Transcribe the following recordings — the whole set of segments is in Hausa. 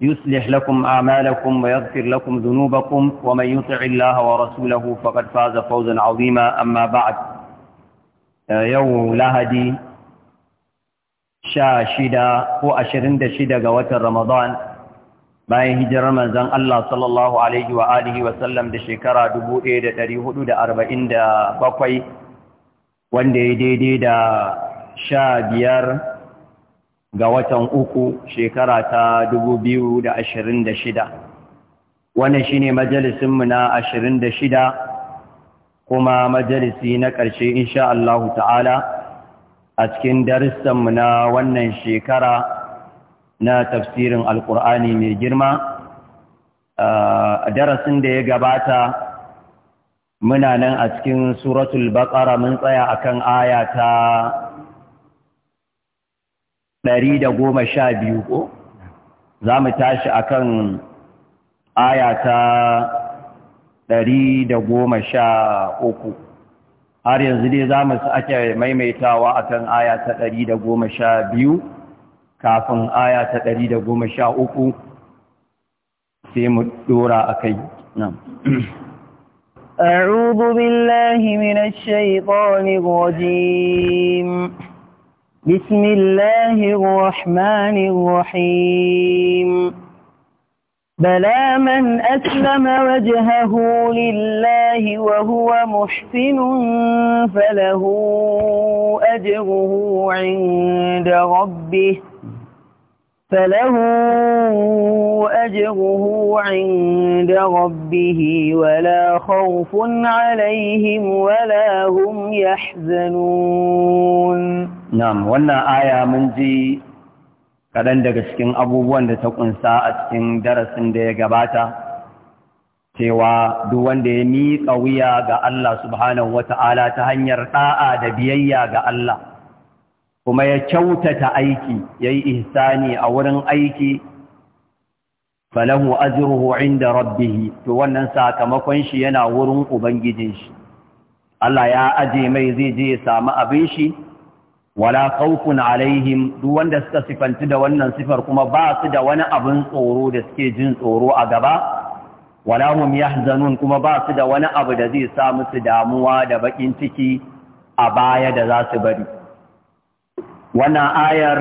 يصلح لكم أعمالكم ويغفر لكم ذنوبكم ومن يطع الله ورسوله فقد فاز فوزا عظيما أما بعد يوم لهدي sha shida ko ashirin da shida ga watan Ramadan bayan hijirar manzan Allah sallallahu Alaihi wa alihi wasallam da shekara bakwai, wanda ya daidai da sha biyar ga watan uku shekara ta da ashirin shida. wannan shine majalisinmu na shida, kuma majalisi na ƙarshe insha Allah ta'ala a cikin darussanmu na wannan shekara na tafsirin Alƙur'ani mai girma a darasin da ya gabata muna nan a cikin suratul baqara mun tsaya akan aya ta ɗari da goma sha biyu ko za mu tashi a kan ayata ɗari da goma sha uku har yanzu dai za mu ake maimaitawa a kan ayata ɗari da goma sha biyu kafin ayata ɗari da goma sha uku sai mu ɗora a kai nan أعوذ بالله من الشيطان الرجيم بسم الله الرحمن الرحيم بلى من أسلم وجهه لله وهو محسن فله أجره عند ربه فله أجره عند ربه ولا خوف عليهم ولا هم يحزنون Na'am, wannan aya mun ji kaɗan daga cikin abubuwan da ta kunsa a cikin darasin da ya gabata, cewa duk wanda ya miƙa wuya ga Allah subhanahu wata'ala ta hanyar ɗa'a da biyayya ga Allah, kuma ya kyautata aiki, ya yi ihsani a wurin aiki, falahu azruhu inda rabbihi, to wannan sakamakon shi yana wurin Ubangijin shi. Allah ya aje mai zai je ya samu abin shi, wala khawfun alaihim duk wanda suka sifanti da wannan sifar kuma ba su da wani abin tsoro da suke jin tsoro a gaba wala hum yahzanun kuma ba su da wani abu da zai sa musu damuwa da bakin ciki a baya da za su bari wannan ayar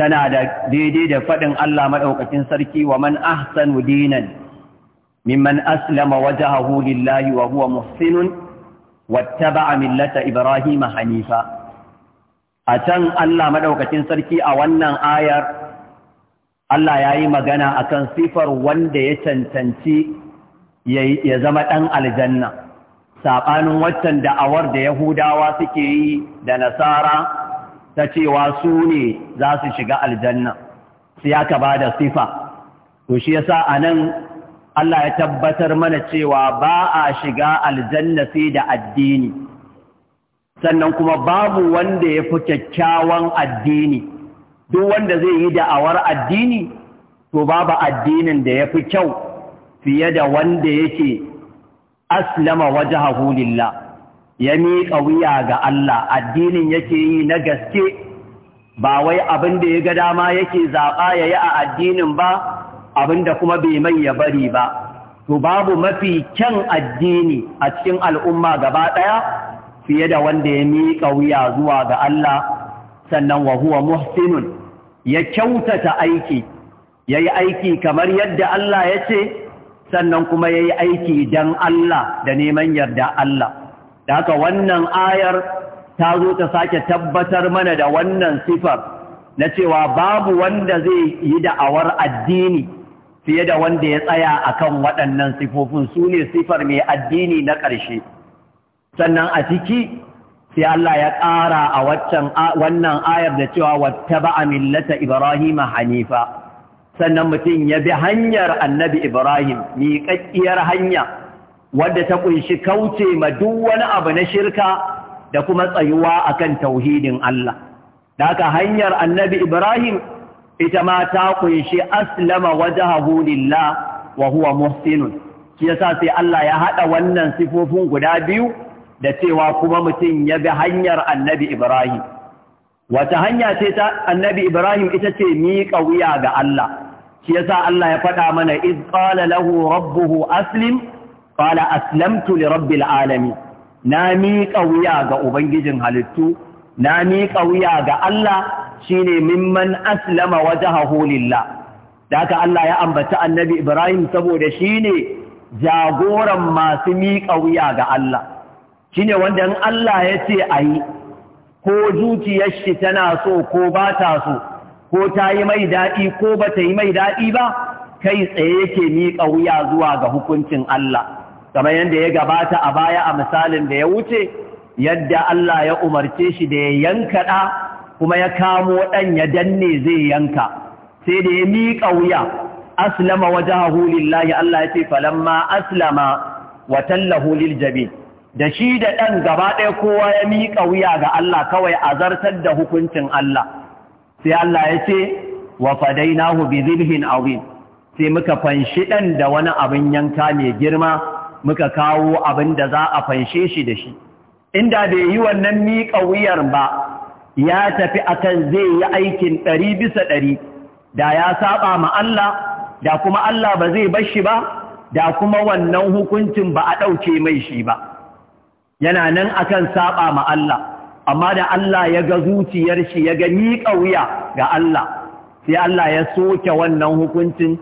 tana da daidai da faɗin Allah maɗaukacin sarki wa man ahsanu dinan mimman aslama wajahahu lillahi wa huwa muhsinun a millata ibrahima hanifa a can Allah maɗaukacin sarki a wannan ayar Allah ya yi magana a kan sifar wanda ya cancanci ya zama ɗan aljanna saɓanin watan da'awar da Yahudawa suke yi da Nasara ta cewa su ne za su shiga aljanna Ya ka ba da sifa to shi yasa a nan Allah ya tabbatar mana cewa ba a shiga aljanna sai da addini sannan kuma babu wanda ya fi kyakkyawan addini duk wanda zai yi da'awar addini to babu addinin da ya fi kyau fiye da wanda yake aslama waje lillah ya miƙa wuya ga Allah addinin yake yi na gaske ba wai abin da ya ga dama yake zaɓa ya yi a addinin ba abin da kuma bai mai ya bari ba to babu mafi kyan addini a cikin al'umma gaba ɗaya fiye da wanda ya miƙa wuya zuwa ga Allah sannan wa huwa muhsinun ya kyautata aiki ya yi aiki kamar yadda Allah ya ce sannan kuma ya yi aiki don Allah da neman yarda Allah da haka wannan ayar ta zo ta sake tabbatar mana da wannan sifar na cewa babu wanda zai yi da'awar addini fiye da wanda ya tsaya akan waɗannan sifofin su ne sifar mai addini na ƙarshe sannan a ciki sai Allah ya ƙara a wannan ayar da cewa wata ba a millata Ibrahim Hanifa, sannan mutum ya bi hanyar annabi Ibrahim, miƙaƙƙiyar hanya, wadda ta ƙunshi kauce ma duk wani abu na shirka da kuma tsayuwa a kan tauhidin Allah. Da haka hanyar annabi Ibrahim ita ma ta ƙunshi aslama wajahahu lillah wa huwa muhsinun. Shi yasa sai Allah ya haɗa wannan sifofin guda biyu da cewa kuma mutum ya bi hanyar annabi Ibrahim. Wata hanya ce ta annabi Ibrahim ita ce miƙa wuya ga Allah, shi sa Allah ya faɗa mana, iz ƙala lahu rabbuhu aslim, ƙala aslamtu li rabbil alami, na miƙa wuya ga Ubangijin halittu, na miƙa wuya ga Allah shi ne mimman aslama wajahahu lillah. Da haka Allah ya ambaci annabi Ibrahim saboda shi ne jagoran masu miƙa wuya ga Allah. shine wanda in Allah ya ce a yi ko zuciyar shi tana so ko ba ta so ko ta yi mai daɗi ko ba ta yi mai daɗi ba kai tsaye yake miƙa wuya zuwa ga hukuncin Allah kamar yadda ya gabata a baya a misalin da ya wuce yadda Allah ya umarce shi da ya yanka ɗa kuma ya kamo ɗan ya danne zai yanka sai da ya miƙa wuya aslama wajahu lillahi Allah ya ce falamma aslama wa tallahu lil jabin da shi da ɗan gaba ɗaya kowa ya miƙa wuya ga Allah kawai a zartar da hukuncin Allah sai Allah ya ce wa fadainahu bi zirhin awin sai muka fanshi ɗan da wani abin yanka mai girma muka kawo abin da za a fanshe shi da shi inda bai yi wannan miƙa wuyar ba ya tafi akan zai yi aikin ɗari bisa ɗari da ya saba ma Allah da kuma Allah ba zai bashi ba da kuma wannan hukuncin ba a ɗauke mai shi ba yana nan akan saba ma Allah amma da Allah ya ga zuciyar shi ya ga miƙa wuya ga Allah sai Allah ya soke wannan hukuncin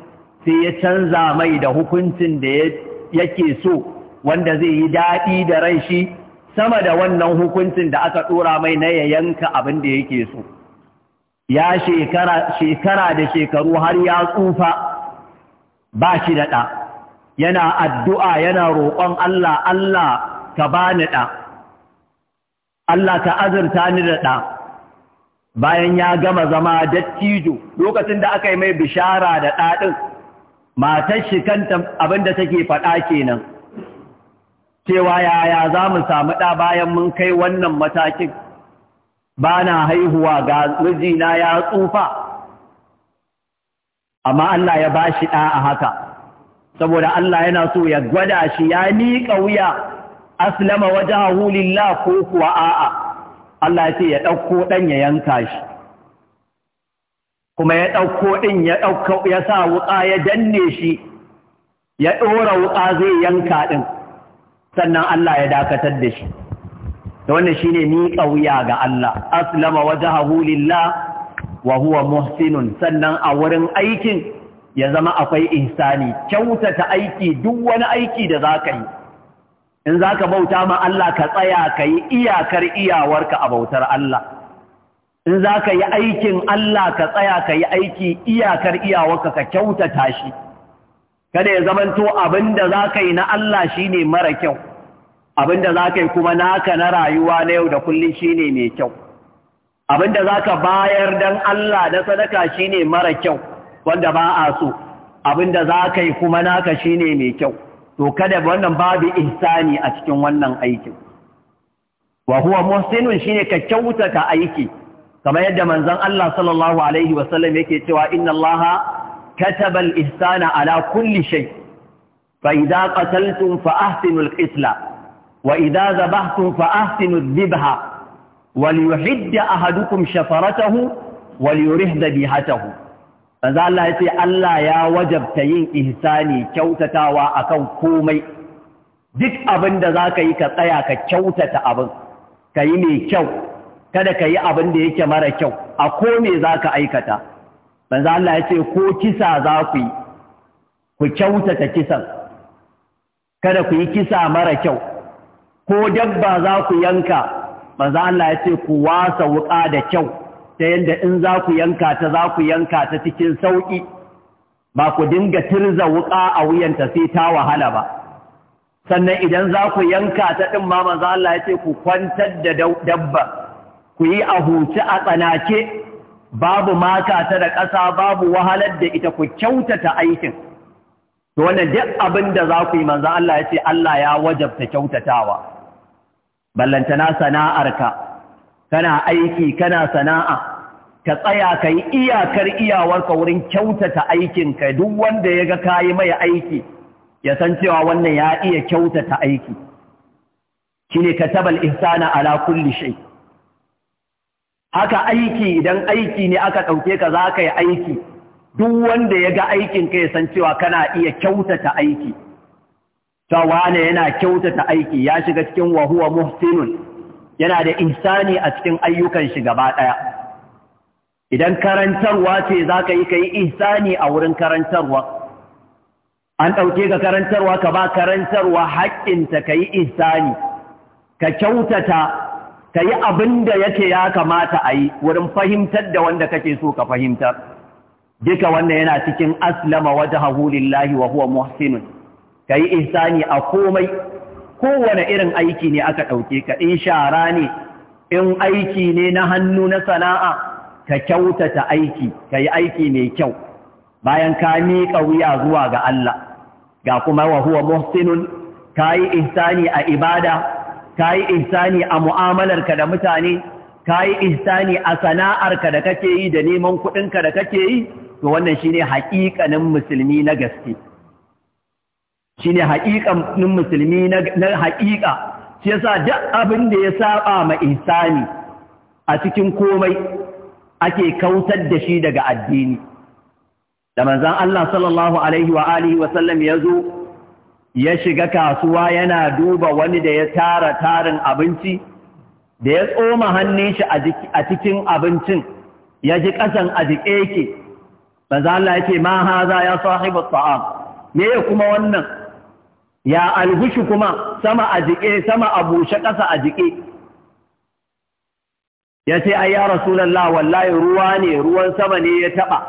sai ya canza mai da hukuncin da yake so wanda zai yi daɗi da ran shi sama da wannan hukuncin da aka ɗora mai na ya yanka abin da yake so ya shekara da shekaru har ya tsufa ba shi da ɗa yana addu'a yana roƙon Allah Allah ka bani ɗa Allah ka azurta ni da ɗa bayan ya gama zama dattijo lokacin da aka yi mai bishara da ɗaɗin matar shi kanta abinda take faɗa kenan cewa yaya za mu samu ɗa bayan mun kai wannan matakin ba na haihuwa ga mijina ya tsufa amma Allah ya ba shi ɗa a haka saboda Allah yana so ya gwada shi ya miƙa wuya aslama wajahu lillah ko kuwa a'a Allah ce ya ɗauko ɗan ya yanka shi kuma ya ɗauko ɗin ya ɗauko ya sa wuka ya danne shi ya ɗora wuka zai yanka ɗin sannan Allah ya dakatar da shi da wannan shine miƙa wuya ga Allah aslama wajahu lillah wa huwa muhsinun sannan a wurin aikin ya zama akwai insani. kyautata aiki duk wani aiki da za ka yi in za ka bauta ma Allah ka tsaya ka yi iyakar iyawarka a bautar Allah in za ka yi aikin Allah ka tsaya ka yi aiki iyakar iyawarka ka kyautata shi kada ya zamanto abin da za ka yi na Allah shi ne mara kyau abin da za ka yi kuma naka na rayuwa na yau da kullum shi ne mai kyau abin da za ka bayar don Allah na sadaka shi ne mara kyau wanda ba a so abin da za ka yi kuma naka shi ne mai kyau to kada wannan babu ihsani a cikin wannan aikin wa huwa muhsinun shine ka kyautata aiki kamar yadda manzon Allah sallallahu alaihi wasallam yake cewa inna Allah kataba al-ihsana ala kulli shay fa idza qataltum fa ahsinu al-qitla wa idza dhabhtum fa ahsinu al dhabha wa liyuhidda ahadukum shafaratahu wa liyurihda bihatahu manzo Allah ya ce Allah ya wajabta yin ihsani kyautatawa akan komai duk abin da zaka yi ka tsaya ka kyautata abin ka yi mai kyau kada ka yi abin da yake mara kyau a ko za zaka aikata manzo Allah ya ce ko kisa za ku yi ku kyautata kisan kada ku yi kisa mara kyau ko dabba za ku yanka manzo Allah ya ce ku wasa wuka da kyau ta yadda in za ku yanka ta za ku yanka ta cikin sauƙi ba ku dinga tirza wuƙa a wuyanta sai ta wahala ba sannan idan za ku yanka ta ɗin ma manzo Allah ya ce ku kwantar da dabba ku yi a huci a tsanake, babu maka ta da ƙasa babu wahalar da ita ku kyautata aikin to wannan duk abin da za ku yi manzo Allah ya ce Allah ya wajabta kyautatawa ballantana sana'arka kana aiki kana sana'a ka tsaya ka yi iyakar iyawarka wurin kyautata aikinka duk wanda ya ga kayi mai aiki ya san cewa wannan ya iya kyautata aiki shi ne ka tabal ihsana ala kulli shay haka aiki idan aiki ne aka ɗauke ka za ka yi aiki duk wanda ya ga aikinka ya san cewa kana iya kyautata aiki ta wane yana kyautata aiki ya shiga cikin wahuwa muhsinun yana da ihsani a cikin ayyukan shi gaba ɗaya idan karantarwa ce za ka yi ka yi ihsani a wurin karantarwa an ɗauke ka karantarwa ka ba karantarwa haƙƙinta ka yi ihsani ka kyautata ka yi abin da yake ya kamata a yi wurin fahimtar da wanda kake so ka fahimtar duka wannan yana cikin aslama wata hahulillahi wa huwa muhsinun ka yi ihsani a komai kowane irin aiki ne aka ɗauke ka in shara ne in aiki ne na hannu na sana'a ka kyautata aiki ka yi aiki mai kyau bayan ka miƙa wuya zuwa ga Allah ga kuma wa huwa muhsinun ka yi ihsani a ibada ka yi ihsani a mu'amalarka da mutane ka yi ihsani a sana'arka da kake yi da neman kuɗinka da kake yi to wannan shine haƙiƙanin musulmi na gaske shine haƙiƙanin musulmi na haƙiƙa shi yasa duk abin da ya saba ma insani a cikin komai ake kautar da shi daga addini da manzan Allah sallallahu alaihi wa alihi wa sallam yazo ya shiga kasuwa yana duba wani da ya tara tarin abinci da ya tsoma hannun shi a cikin abincin ya ji ƙasan a jiƙe ke manzan Allah ce ma haza ya sahibu ta'am me ya kuma wannan ya alhushi kuma sama a jike sama a bushe ƙasa a jiƙe. ya ce ai ya rasulallah wallahi ruwa ne ruwan sama ne ya taɓa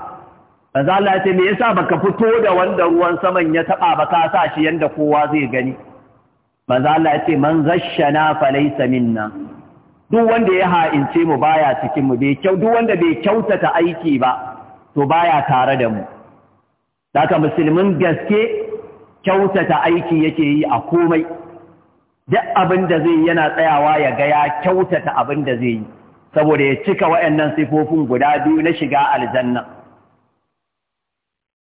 Fazala ce, Me yasa baka fito da wanda ruwan saman ya taɓa ba ka sa shi yadda kowa zai gani? Fazala ce, Man zashana samin minna. Duk wanda ya ha'ince mu baya cikin mu, duk wanda bai kyautata aiki ba, to baya tare da mu. Daka musulmin gaske kyautata aiki yake yi a komai duk abin da zai yana tsayawa ya ga ya kyautata abin da zai yi saboda ya cika waɗannan sifofin guda biyu na shiga aljanna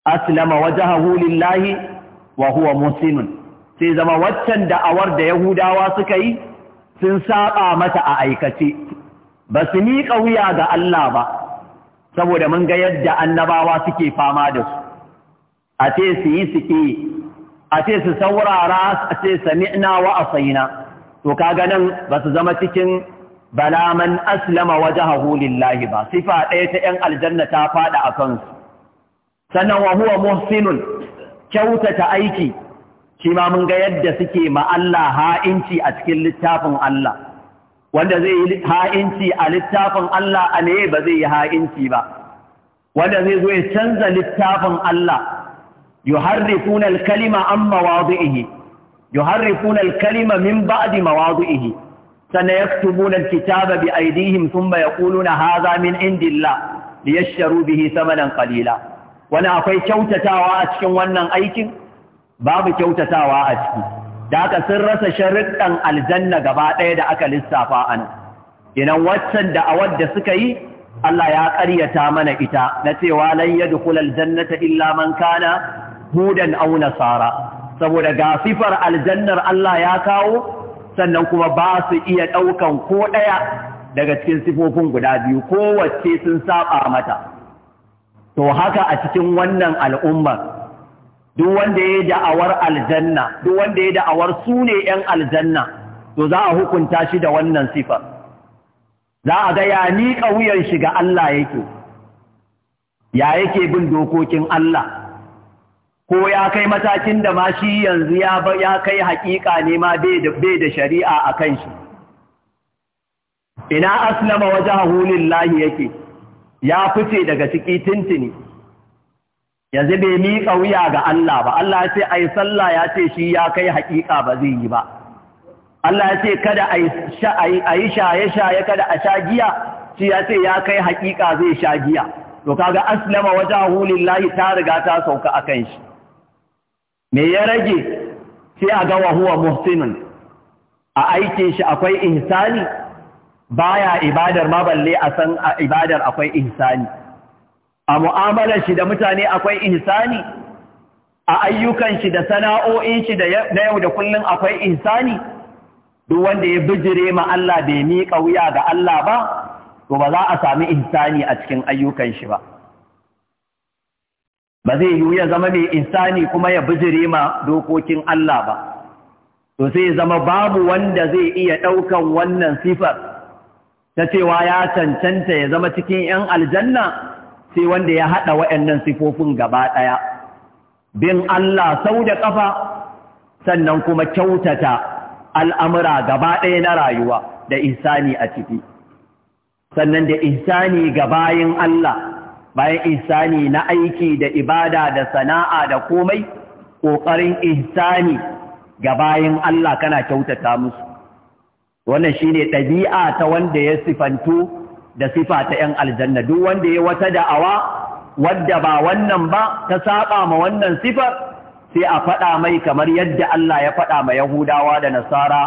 aslama wajhahu lahi wa huwa muslimun sai zama waccan da'awar da yahudawa suka yi sun saba mata a aikace ba su miƙa wuya ga Allah ba saboda mun ga yadda annabawa suke fama da su a ce su yi suke a ce su saurara a ce sami'na wa a asaina to kaga nan ba su zama cikin balaman man aslama wajhahu lillahi ba sifa ɗaya ta 'yan aljanna ta faɗa a kansu sannan wa huwa muhsinun kyautata aiki shi ma mun ga yadda suke ma'alla ha'inci a cikin littafin Allah wanda zai yi ha'inci a littafin Allah a ne ba zai yi ha'inci ba wanda zai zo ya canza littafin Allah yuharrifuna al-kalima an mawadhihi yuharrifuna al-kalima min ba'di mawadhihi sana yaktubuna al-kitaba bi aydihim thumma yaquluna hadha min indillah liyashtaru bihi thamanan qalila wani akwai kyautatawa a cikin wannan aikin babu kyautatawa a ciki da aka sun rasa sharuɗan aljanna gaba ɗaya da aka lissafa a nan idan waccan da awadda suka yi Allah ya karyata mana ita na cewa lan yadkhul aljannata illa man kana hudan au nasara saboda ga sifar aljannar Allah ya kawo sannan kuma ba su iya ɗaukan ko ɗaya daga cikin sifofin guda biyu kowace sun saba mata to haka a cikin wannan al'ummar duk wanda ya da'awar aljanna duk wanda ya da'awar su ne 'yan aljanna to za a hukunta shi da wannan sifar za a ga ya ni kauyen shi ga Allah yake ya yake bin dokokin Allah ko ya kai matakin da ma shi yanzu ya kai haƙiƙa ne ma bai da shari'a a kan shi ina aslama wajen hulun lahi yake ya fice daga ciki tintini yanzu bai miƙa wuya ga Allah ba Allah ya ce ai sallah ya ce shi ya kai haƙiƙa ba zai yi ba Allah ya ce kada a yi shaye-shaye kada a sha giya shi ya ce ya kai haƙiƙa zai sha giya to kaga aslama wajen hulun lahi ta riga ta sauka a kan shi me ya rage sai a ga wahuwa muhsinun a aikin shi akwai ihsani baya ibadar ma balle a san a ibadar akwai ihsani a mu'amalar shi da mutane akwai insani? a ayyukan shi da sana'o'in shi da na yau da kullun akwai insani? duk wanda ya bijire ma Allah bai miƙa wuya ga Allah ba to ba za a sami insani a cikin ayyukan shi ba ba zai yiwu ya zama mai insani kuma ya bijire ma dokokin Allah ba to sai zama babu wanda zai iya ɗaukan wannan sifar ta cewa ya cancanta ya zama cikin 'yan aljanna sai wanda ya haɗa waɗannan sifofin gaba ɗaya bin Allah sau da ƙafa sannan kuma kyautata al'amura gaba ɗaya na rayuwa da insani a ciki sannan da insani ga bayin Allah bayan ihsani na aiki da ibada da sana'a da komai ƙoƙarin ihsani ga bayan Allah kana kyautata musu wannan shine ɗabi'a ta wanda ya sifantu da sifa ta 'yan aljanna duk wanda ya wata da'awa wadda ba wannan ba ta saba ma wannan sifar sai a faɗa mai kamar yadda Allah ya faɗa ma Yahudawa da Nasara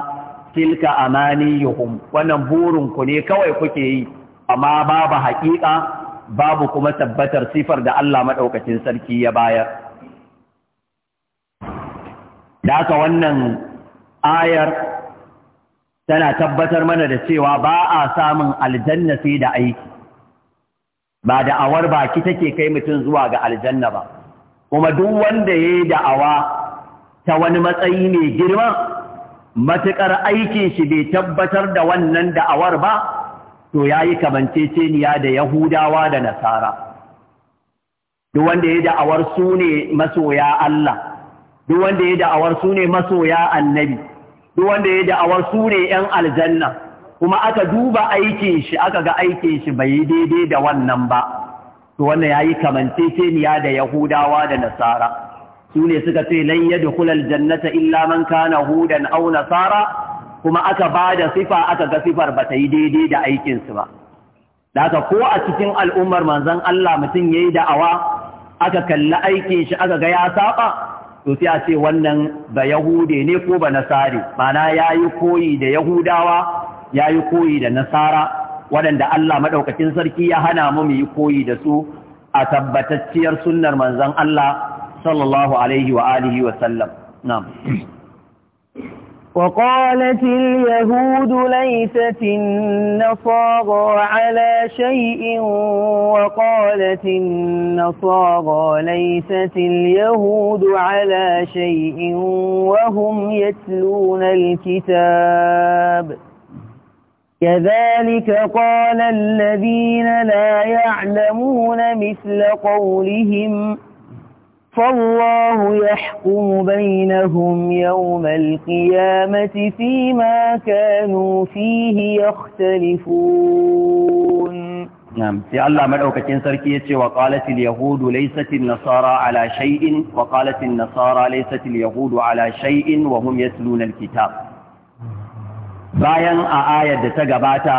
tilka amaniyuhum wannan burin ku ne kawai kuke yi amma babu haƙiƙa babu kuma tabbatar sifar da Allah maɗaukacin sarki ya bayar. Da haka wannan ayar tana tabbatar mana da cewa ba a samun aljanna sai da aiki, ba da awar baki take kai mutum zuwa ga aljanna ba, kuma duk wanda ya yi da'awa ta wani matsayi mai girma, matuƙar aikin shi bai tabbatar da wannan da'awar ba, to ya yi kamanceceniya da Yahudawa da Nasara. Duk wanda ya da'awar su ne masoya Allah, duk wanda ya da'awar su ne masoya annabi, duk wanda ya da'awar su ne ‘yan aljanna, kuma aka duba aikin shi aka ga aikin shi bai yi daidai da wannan ba, to wannan ya yi kamanceceniya da Yahudawa da Nasara. Su ne suka ce, Lai yadda kula jannata illa man kana hudan au nasara kuma aka ba da sifa aka ga sifar ba ta yi daidai da aikinsu ba. Daga ko a cikin al'ummar manzan Allah mutum ya yi da'awa aka kalli aikin shi aka ga ya saba, to sai a ce wannan ba Yahude ne ko ba Nasari, mana ya yi koyi da Yahudawa, ya yi koyi da Nasara, waɗanda Allah maɗaukacin sarki ya hana mu mu yi koyi da su a tabbatacciyar sunnar manzan Allah sallallahu alaihi wa alihi wa sallam. Na'am. وقالت اليهود ليست النصارى على شيء وقالت النصارى ليست اليهود على شيء وهم يتلون الكتاب كذلك قال الذين لا يعلمون مثل قولهم فالله يحكم بينهم يوم القيامة فيما كانوا فيه يختلفون نعم سي الله مدعوكتين سركية وقالت اليهود ليست النصارى على شيء وقالت النصارى ليست اليهود على شيء وهم يتلون الكتاب bayan a ayar da ta gabata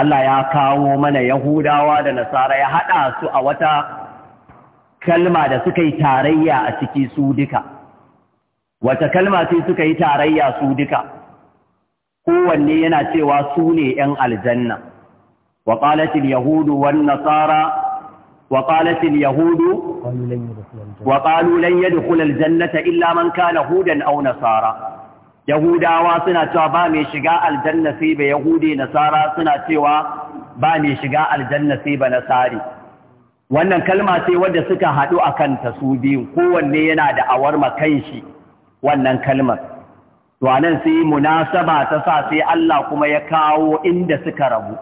Allah ya kawo mana Yahudawa da Nasara ya su a wata kalma da suka yi tarayya a ciki su duka wata kalma sai suka yi tarayya su duka kowanne yana cewa su ne ‘yan aljanna wa yahudu wan nasara wa yahudu wa ƙalulan ya dukulal illa man kana hudan au nasara yahudawa suna cewa ba mai shiga aljanna sai ba yahudi nasara suna cewa ba mai shiga aljanna sai ba nasari wannan kalma sai wadda suka haɗu a kanta su biyu kowanne yana da awar awarma shi wannan kalmar to nan sai munasaba ta sa sai Allah kuma ya kawo inda suka rabu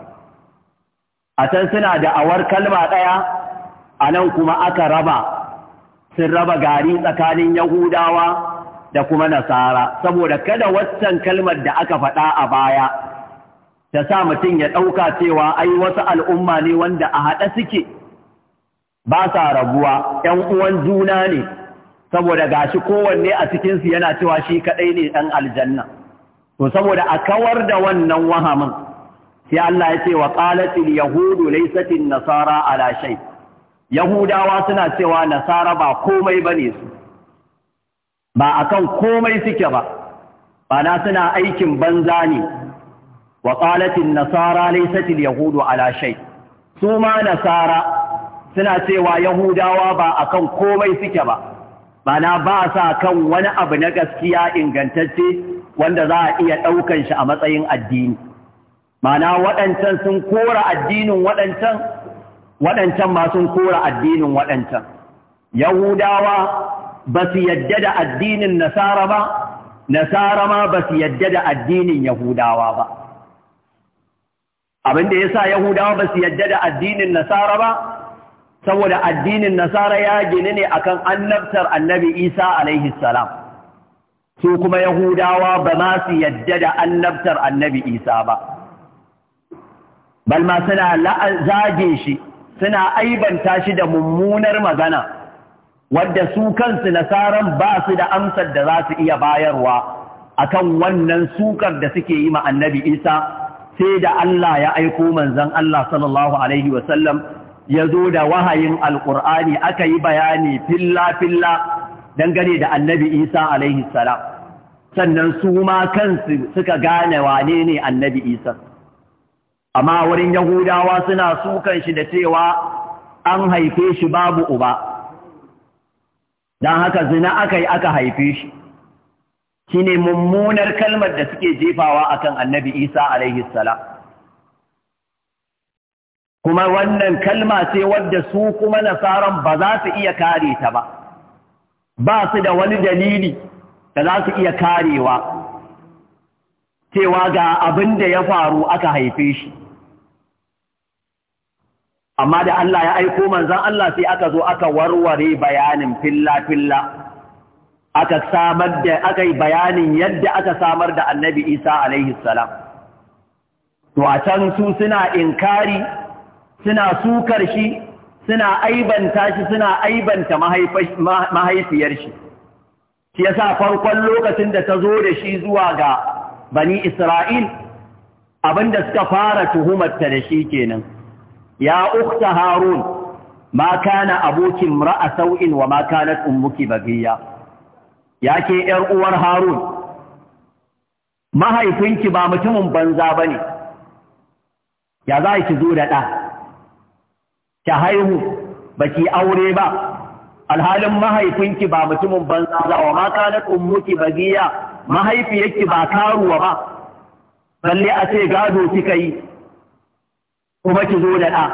a can suna da awar kalma ɗaya a nan kuma aka raba sun raba gari tsakanin yahudawa da kuma nasara saboda kada waccan kalmar da aka faɗa a baya ta sa mutum ya ɗauka cewa ai wasu al'umma ne wanda a haɗa suke ba sa rabuwa ‘yan uwan juna ne saboda gashi kowanne a cikinsu yana cewa shi kaɗai ne ɗan aljanna to saboda a kawar da wannan wahamin sai Allah ya ce wa qalatil yahudu laysat nasara ala shay yahudawa suna cewa nasara ba komai bane su ba akan komai suke ba bana suna aikin banza ne wa qalatil nasara laysat yahudu ala shay su ma nasara suna cewa yahudawa ba kan komai suke ba mana ba sa kan wani abu na gaskiya ingantacce wanda za a iya ɗaukan shi a matsayin addini mana waɗancan sun kora addinin waɗancan waɗancan ma sun kora addinin waɗancan yahudawa ba su yadda da addinin nasara ba nasara ma ba su yadda da addinin yahudawa ba Abin da ya sa yahudawa ba su yadda da addinin nasara ba saboda addinin nasara ya gini ne akan annabtar annabi isa alaihi salam su kuma yahudawa ba ma su yadda da annabtar annabi isa ba balma suna zage shi suna aibanta shi da mummunar magana wadda su kansu nasaran ba su da amsar da za su iya bayarwa akan wannan sukar da suke yi ma annabi isa sai da Allah ya aiko manzan Allah sallallahu Alaihi wasallam ya zo da wahayin alƙur'ani aka yi bayani filla-filla dangane da annabi isa alaihi salam sannan su ma kansu suka gane wane ne annabi isa amma wurin yahudawa suna sukan shi da cewa an haife shi babu uba don haka zina aka yi aka haife shi shi ne mummunar kalmar da suke jefawa akan annabi isa alaihi salam kuma wannan kalma ce wadda su kuma nasaran ba za su iya kare ta ba ba su da wani dalili da za su iya karewa cewa ga abin da ya faru aka haife shi amma da Allah ya aiko manzan Allah sai aka zo aka warware bayanin filla-filla aka samar da aka yi bayanin yadda aka samar da annabi isa alaihi salam to a can su suna inkari suna sukar shi suna aibanta shi suna aibanta mahaifiyar shi shi yasa farkon lokacin da ta zo da shi zuwa ga bani Isra'il abinda suka fara tuhumarta da shi kenan ya ukta harun ma kana abokin ra'a sau'in wa ma kanat ummuki bagiya ya ke ‘yar uwar harun mahaifinki ba mutumin banza ba ne ya za ki zo da ɗa ki haihu baki aure ba alhalin mahaifinki ba mutumin banza ba wa ma kanat ummuki bagiya mahaifiyarki ba karuwa ba balle a ce gado kika yi kuma ki zo da ɗa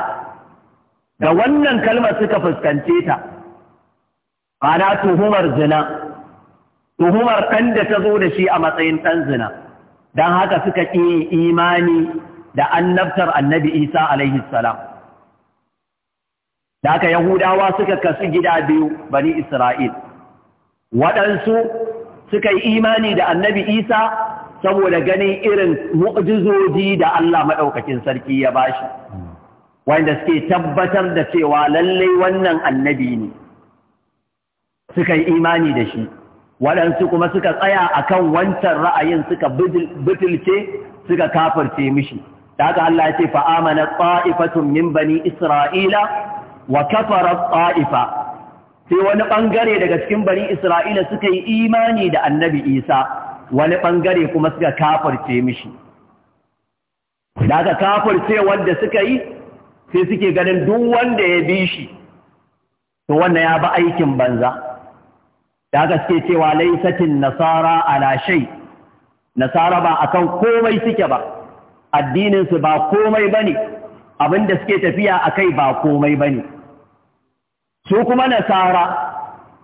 da wannan kalmar suka fuskance ta ma'ana tuhumar zina tuhumar ɗan da ta zo da shi a matsayin ɗan zina don haka suka ƙi imani da annabtar annabi isa alaihi salam da aka yahudawa suka kasu gida biyu bani isra'il waɗansu suka yi imani da annabi isa saboda ganin irin mu'jizoji da Allah maɗaukakin sarki ya bashi wanda suke tabbatar da cewa lallai wannan annabi ne suka yi imani da shi waɗansu kuma suka tsaya a kan wancan ra'ayin suka butulce suka kafarce mishi da aka Allah ya ce fa'amana ta'ifatun min bani Isra'ila wa kafara ta'ifa sai wani ɓangare daga cikin bani Isra'ila suka yi imani da annabi Isa, wani bangare kuma suka kafarce mishi. Da aka kafarce wanda suka yi, sai suke ganin duk wanda ya bi shi, to wannan ya ba aikin banza. Da aka suke cewa laisatin nasara ala shai, nasara ba akan komai suke ba, addininsu ba komai ba ne. abin da suke tafiya a kai ba komai ba ne su kuma nasara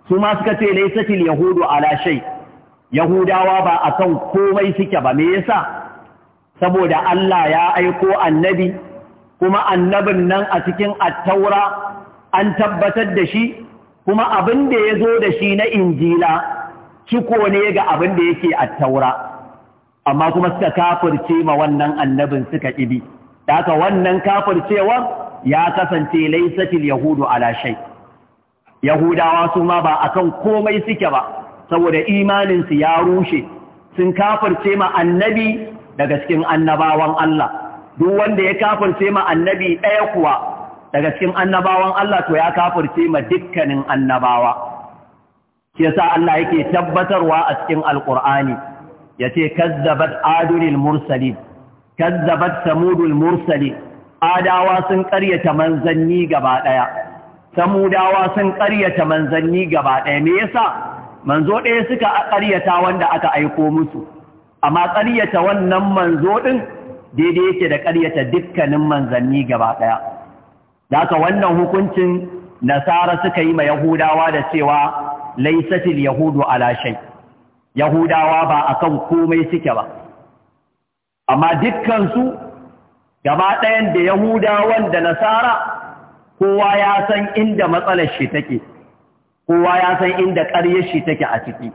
su ma suka ce laisatil yahudu ala shai yahudawa ba a kan komai suke ba me yasa saboda Allah ya aiko annabi kuma annabin nan a cikin attaura an tabbatar da shi kuma abin da ya zo da shi na injila ciko ne ga abin da yake attaura amma kuma suka kafurce ma wannan annabin suka ibi. da haka wannan kafircewar ya kasance laisatil yahudu ala shay yahudawa su ma ba akan komai suke ba saboda imaninsu ya rushe sun kafirce ma annabi daga cikin annabawan Allah duk wanda ya kafirce ma annabi ɗaya kuwa daga cikin annabawan Allah to ya kafirce ma dukkanin annabawa shi yasa Allah yake tabbatarwa a cikin alqur'ani yace kazzabat adulil mursalin kazzabat samudul mursali adawa sun ƙaryata manzanni gaba ɗaya samudawa sun ƙaryata manzanni gaba ɗaya me yasa manzo ɗaya suka ƙaryata wanda aka aiko musu amma ƙaryata wannan manzo ɗin daidai yake da ƙaryata dukkanin manzanni gaba ɗaya daga wannan hukuncin nasara suka yi ma yahudawa da cewa laisatil yahudu ala shay yahudawa ba akan komai suke ba amma dukkansu gaba ɗayan da yahudawan da nasara kowa ya san inda matsalar shi take kowa ya san inda ƙaryar shi take a ciki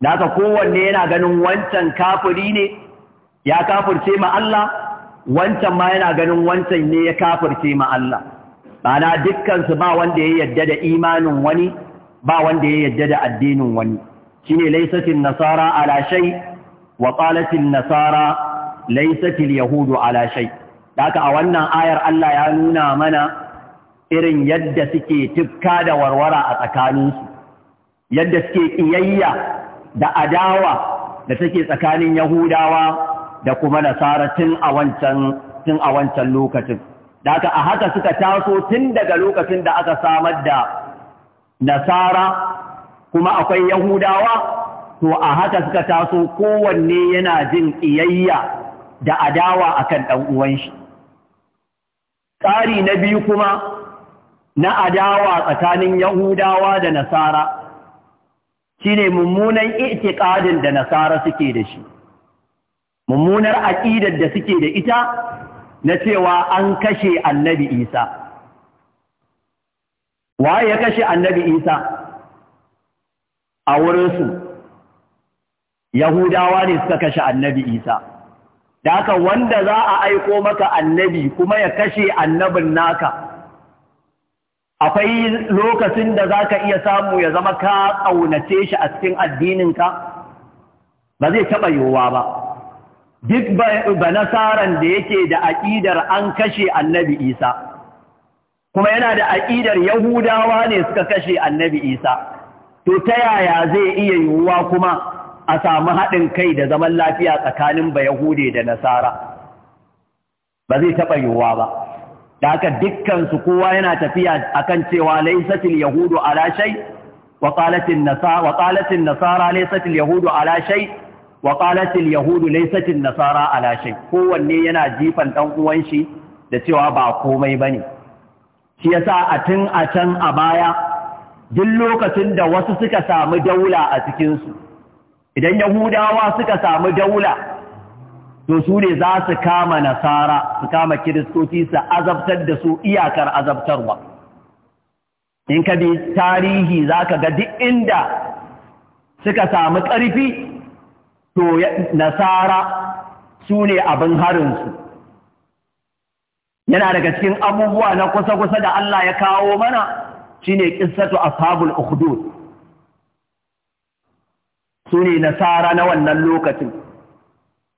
da kowanne yana ganin wancan kafiri ne ya kafirce ma Allah wancan ma yana ganin wancan ne ya kafirce ma Allah bana dukkansu ba wanda ya yadda da imanin wani ba wanda ya yadda da addinin wani shine laysatin nasara ala shay wa nasara laisatil yahudu ala shay haka a wannan ayar Allah ya nuna mana irin yadda suke tifka da warwara a tsakaninsu yadda suke iyayya da adawa da take tsakanin yahudawa da kuma nasara tun a wancan tun a wancan lokacin daga a haka suka taso tun daga lokacin da aka samar da nasara kuma akwai yahudawa to a haka suka taso kowanne yana jin iyayya. da adawa akan ɗan uwan shi ƙari na biyu kuma na adawa tsakanin yahudawa da nasara shine mummunan itikadin da nasara suke da shi mummunar aƙidar da suke da ita na cewa an kashe annabi isa Wa ya kashe annabi isa a wurinsu yahudawa ne suka kashe annabi isa da haka wanda za a aiko maka annabi kuma ya kashe annabin naka akwai lokacin da za ka iya samu ya zama ka ƙaunace shi a cikin addininka ba zai taɓa yiwuwa ba duk ba nasaran da yake da aƙidar an kashe annabi isa kuma yana da aƙidar yahudawa ne suka kashe annabi isa to ta yaya zai iya yiwuwa kuma a samu haɗin kai da zaman lafiya tsakanin ba Yahude da Nasara. Ba zai taɓa yiwuwa ba. Da haka dukkansu kowa yana tafiya a kan cewa laisatin Yahudu a lashai, wa ƙalatin Nasara laisatin Yahudu a lashai, wa ƙalatin Yahudu laisatin Nasara a lashai, Kowanne yana jifan ɗan uwan shi da cewa ba komai ba bane. Shi yasa a tun a can a baya duk lokacin da wasu suka samu daula a cikinsu. idan yahudawa suka samu daula to su ne za su kama nasara su kama kiristoci su azabtar da su iyakar azabtarwa in ka bi tarihi za ka ga duk inda suka samu ƙarfi to nasara su ne abin harinsu yana daga cikin abubuwa na kusa-kusa da Allah ya kawo mana shine a ashabul ukhdud su ne nasara na wannan lokacin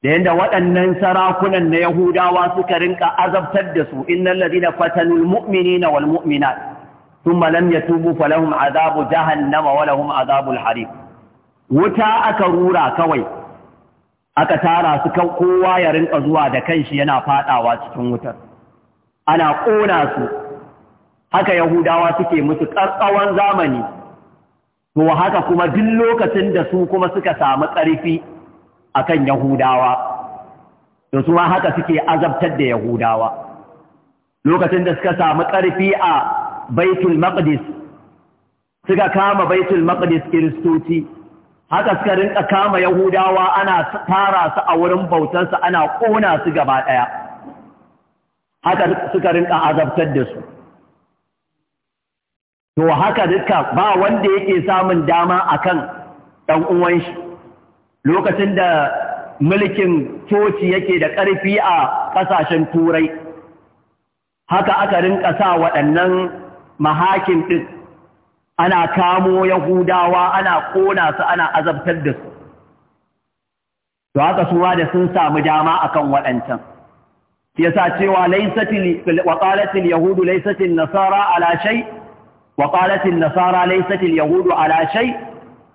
da yadda waɗannan sarakunan na yahudawa suka rinka azabtar da su na ladina fatanul na wal mu'minat thumma lam yatubu falahun azabu jahannama wa azabul harib wuta aka rura kawai aka tara su kowa ya rinka zuwa da kanshi yana fadawa cikin wutar ana ƙona su haka yahudawa suke musu ƙarƙawan zamani to haka kuma duk lokacin da su kuma suka samu ƙarfi a kan yahudawa Da su ma haka suke azabtar da yahudawa lokacin da suka samu ƙarfi a baitul maqdis suka kama baitul maqdis kiristoci haka suka rinka kama yahudawa ana tara su a wurin bautansa ana ƙona su gaba ɗaya haka suka rinka azabtar da su to haka duka ba wanda yake samun dama akan ɗan uwan shi lokacin da mulkin coci yake da ƙarfi a ƙasashen turai haka aka rinka sa waɗannan mahakin ɗin ana kamo yahudawa ana ƙona su ana azabtar da su to haka suwa da sun samu dama akan waɗancan yasa cewa laisatil wa yahudu laisatil nasara ala shay' wa qalatin nasara laysat al-yahudu ala shay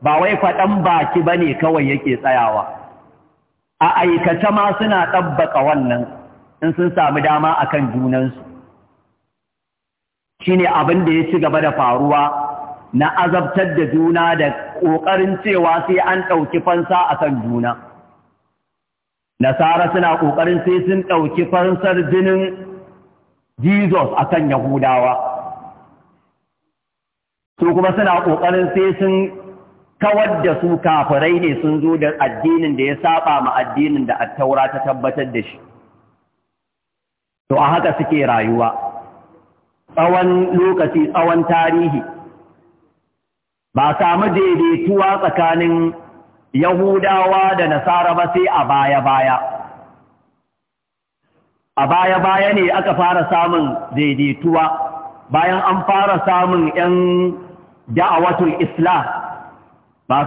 ba wai faɗan baki bane kawai yake tsayawa a aikata ma suna tabbaka wannan in sun sami dama akan junansu shine abin da ya ci gaba da faruwa na azabtar da juna da ƙoƙarin cewa sai an ɗauki fansa akan juna nasara suna ƙoƙarin sai sun ɗauki fansar jinin jesus akan yahudawa su kuma suna ƙoƙarin sai sun kawar da su kafirai ne sun zo da addinin da ya saba ma addinin da attaura ta tabbatar da shi to a haka suke rayuwa tsawon lokaci tsawon tarihi ba samu daidaituwa tsakanin Yahudawa da Nasara ba sai a baya-baya. A baya-baya ne aka fara samun daidaituwa bayan an fara samun ‘yan da'awatul islam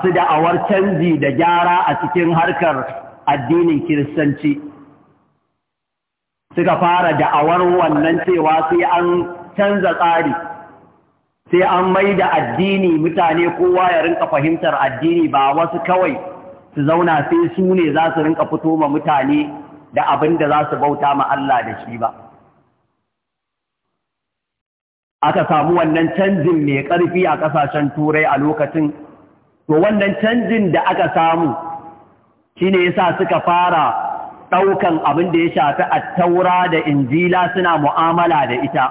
su da'awar canji da gyara a cikin harkar addinin kiristanci suka fara da'awar wannan cewa sai an canza tsari sai an mai da addini mutane kowa ya rinka fahimtar addini ba wasu kawai su zauna sai su ne za su rinka fito ma mutane da abin da za su bauta ma Allah da shi ba. aka samu wannan canjin mai ƙarfi a ƙasashen turai a lokacin to wannan canjin da aka samu shi ne yasa suka fara ɗaukan abin da ya shafi attaura da injila suna mu'amala da ita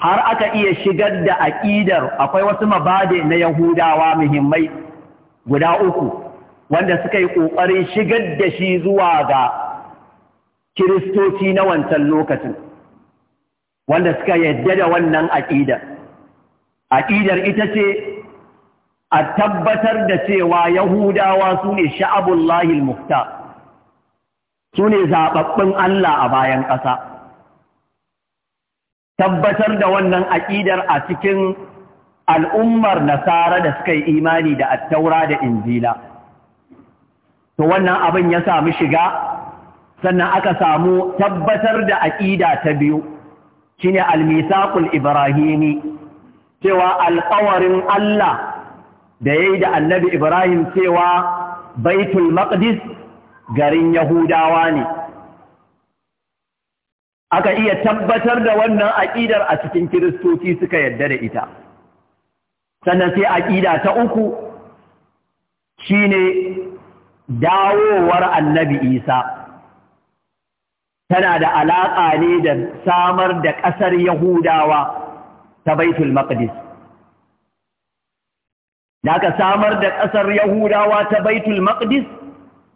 har aka iya shigar da aƙidar akwai wasu mabade na yahudawa muhimmai guda uku wanda suka yi ƙoƙarin shigar da shi zuwa ga kiristoci na wancan lokacin wanda suka yadda da wannan aƙidar aƙidar ita ce a tabbatar da cewa yahudawa su ne sha'abullahil mukta su ne zaɓaɓɓun Allah a bayan ƙasa tabbatar da wannan aƙidar a cikin al'ummar nasara da suka yi imani da attaura da injila to wannan abin ya samu shiga sannan aka samu tabbatar da aƙida ta biyu shine al-misaqul ibrahimi cewa alƙawarin Allah da yayi da Annabi Ibrahim cewa Baitul Maqdis garin Yahudawa ne aka iya tabbatar da wannan aƙidar a cikin kiristoci suka yadda da ita sannan sai aƙida ta uku shine dawowar Annabi Isa tana da alaƙa ne da samar da ƙasar Yahudawa ta Baitul Maqdis. Da ka samar da ƙasar Yahudawa ta Baitul Maqdis,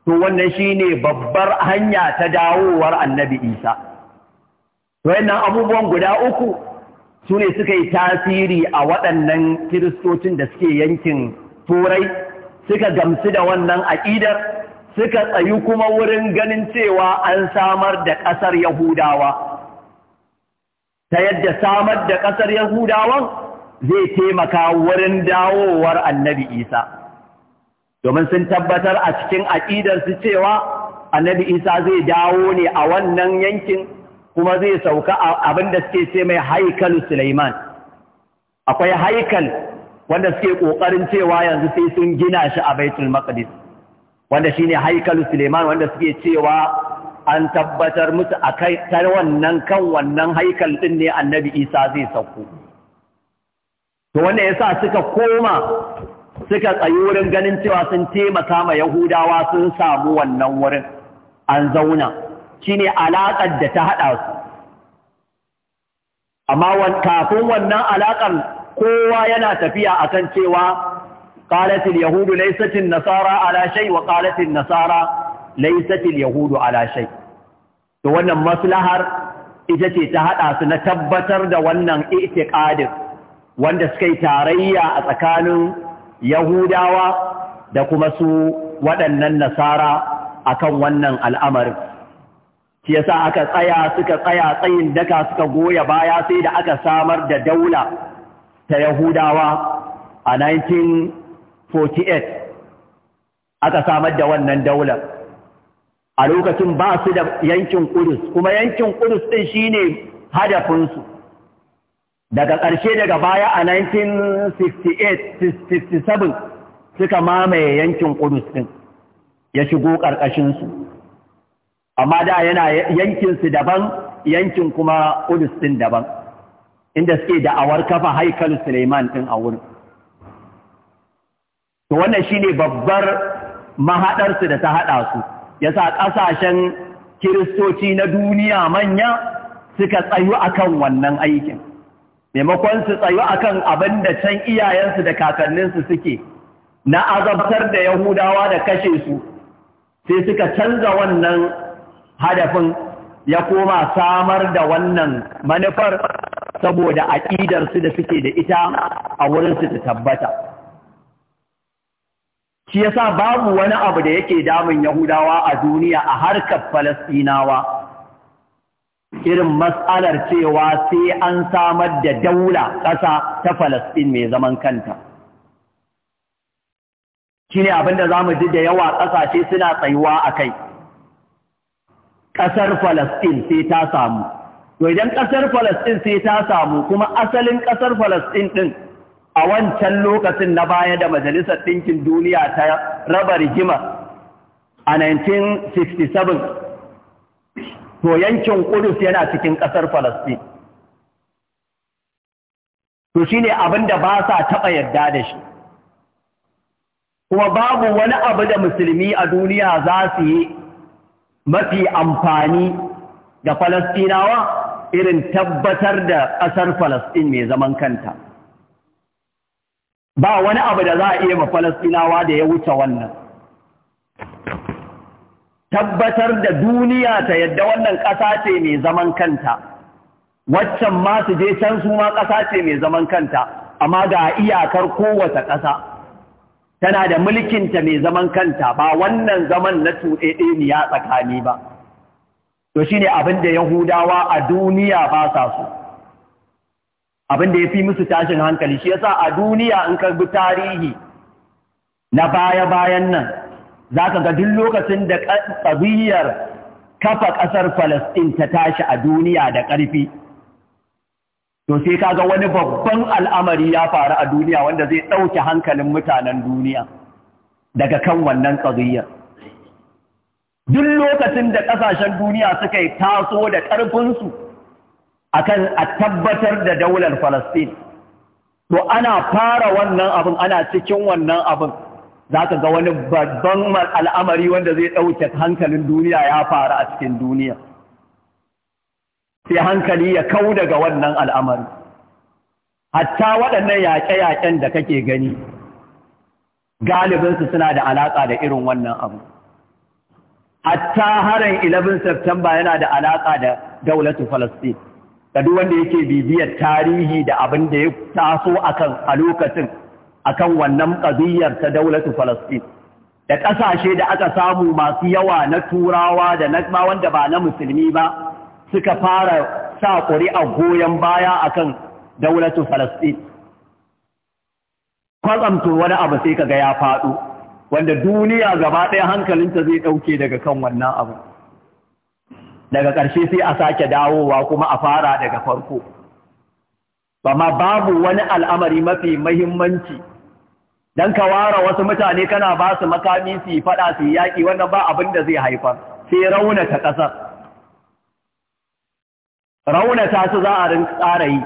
to wannan shi ne babbar hanya ta dawowar annabi Isa. Wayannan abubuwan guda uku su ne suka yi tasiri a waɗannan kiristocin da suke yankin Turai, suka gamsu da wannan aƙidar suka tsayu kuma wurin ganin cewa an samar da ƙasar Yahudawa, ta yadda samar da ƙasar Yahudawan zai taimaka wurin dawowar annabi Isa, domin sun tabbatar a cikin aƙidarsu cewa annabi Isa zai dawo ne a wannan yankin kuma zai sauka abin da suke ce mai haikalu Suleiman. Akwai haikal wanda suke ƙoƙarin cewa yanzu sai sun gina shi a Baitul Maqdis. wanda shi ne haikalu Suleiman wanda suke cewa an tabbatar musu kai tar wannan kan wannan haikal ɗin ne Annabi Isa zai sauko to wanda ya sa suka koma suka tsayi wurin ganin cewa sun taimaka ma Yahudawa sun samu wannan wurin an zauna ne alaƙar da ta haɗa su amma kafin wannan alaƙar kowa yana tafiya akan cewa قالت اليهود ليست النصارى على شيء وقالت النصارى ليست اليهود على شيء to wannan maslahar ita ce ta hada su na tabbatar da wannan i'tiqadin wanda suka yi tarayya a tsakanin yahudawa da kuma su waɗannan nasara akan wannan al'amarin shi yasa aka tsaya suka tsaya tsayin daka suka goya baya sai da aka samar da daula ta yahudawa a 19 48 aka samar da wannan daular a lokacin ba su da yankin kudus kuma yankin kudus ɗin ne hadafinsu daga ƙarshe daga baya a 1968-67 suka mamaye yankin kudus ɗin ya shigo ƙarƙashinsu amma da yana yankinsu daban yankin kuma kudus ɗin daban inda suke da'awar kafa haikalu suleiman ɗin a wurin to wannan shine babbar mahaɗarsu da ta haɗa su yasa ƙasashen kiristoci na duniya manya suka tsayu akan wannan aikin maimakon su tsayu akan abin da can iyayensu da kakanninsu suke na azabtar da yahudawa da kashe su sai suka canza wannan hadafin ya koma samar da wannan manufar saboda aƙidarsu da suke da ita a wurinsu ta tabbata shi yasa babu wani abu da yake damun Yahudawa a duniya a harkar Falastinawa irin matsalar cewa sai an samar da daula ƙasa ta Falastin mai zaman kanta shine abin da zamu ji da yawa ƙasashe suna tsayuwa a kai ƙasar Falastin sai ta samu to idan ƙasar Falastin sai ta samu kuma asalin ƙasar Falastin ɗin a wancan lokacin na baya da Majalisar Ɗinkin Duniya ta raba rigima a 1967, to yankin Kudus yana cikin ƙasar Falasɗin. To shi ne abin da ba sa taɓa yarda da shi. Kuma babu wani abu da musulmi a duniya za su yi mafi amfani da Falasɗinawa irin tabbatar da ƙasar Falasɗin mai zaman kanta. ba wani abu da za a iya ma falastinawa da ya wuce wannan tabbatar da duniya ta yadda wannan ƙasa ce mai zaman kanta waccan ma su je can su ma ƙasa ce mai zaman kanta amma ga iyakar kowace ƙasa tana da mulkinta mai zaman kanta ba wannan zaman na tuɗeɗe ya tsakani ba to shine abin da yahudawa a duniya ba sa so abin da ya fi musu tashin hankali shi yasa a duniya in ka bi tarihi na baya-bayan nan za ka ga duk lokacin da tsabiyar kafa ƙasar Falastin ta tashi a duniya da ƙarfi to sai ka ga wani babban al'amari ya faru a duniya wanda zai ɗauke hankalin mutanen duniya daga kan wannan ƙabiyar duk lokacin da ƙasashen duniya suka yi taso da ƙarfinsu akan a tabbatar da daular Falastin. To ana fara wannan abin ana cikin wannan abin za ka ga wani babban al'amari wanda zai ɗauke hankalin duniya ya fara a cikin duniya. Sai hankali ya kau daga wannan al'amari. Hatta waɗannan yaƙe-yaƙen da kake gani, galibinsu suna da alaƙa da irin wannan abu. Hatta harin 11 September yana da alaƙa da daular Falastin. da duk wanda yake bibiyar tarihi da abin da ya taso akan a lokacin akan wannan ƙaziyyar ta daulatu Falastin. Da ƙasashe da aka samu masu yawa na turawa da na ba wanda ba na musulmi ba suka fara sa ƙuri'a goyon baya akan daulatu Falastin. to wani abu sai kaga ya faɗo, wanda duniya gaba ɗaya hankalinta zai ɗauke daga kan wannan abu. daga ƙarshe sai a sake dawowa kuma a fara daga farko ma babu wani al'amari mafi mahimmanci don ka ware wasu mutane kana ba su makami su yi faɗa su yaƙi wannan ba abin da zai haifar sai raunata ƙasar raunata su za a tsara yi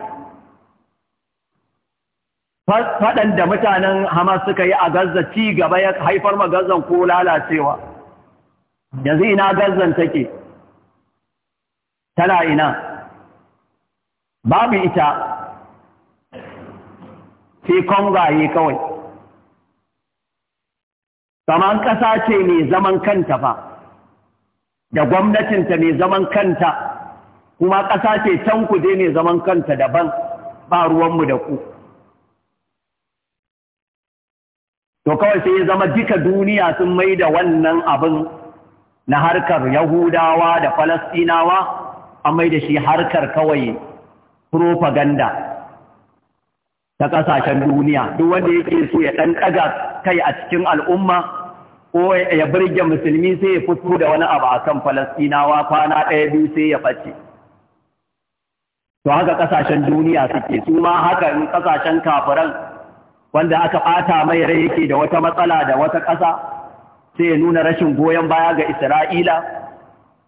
faɗan da mutanen hamas suka yi a gaza ci gaba ya haifar ma gazan ko lalacewa yanzu ina gazan take tana ina babu ita sai kongaye kawai saman ƙasa ce mai zaman kanta fa da gwamnatinta mai zaman kanta kuma ƙasa ce can kuje mai zaman kanta daban ba ruwanmu da ku to kawai sai zama duka duniya sun mai da wannan abin na harkar yahudawa da falastinawa Amai mai da shi harkar kawai propaganda ta ƙasashen duniya duk wanda yake so ya ɗan ɗaga kai a cikin al'umma ko ya birge musulmi sai ya fito da wani abu a kan falastinawa kwana ɗaya biyu sai ya ɓace to haka ƙasashen duniya suke su ma haka in ƙasashen kafiran wanda aka ɓata mai rai yake da wata matsala da wata ƙasa sai ya nuna rashin goyon baya ga isra'ila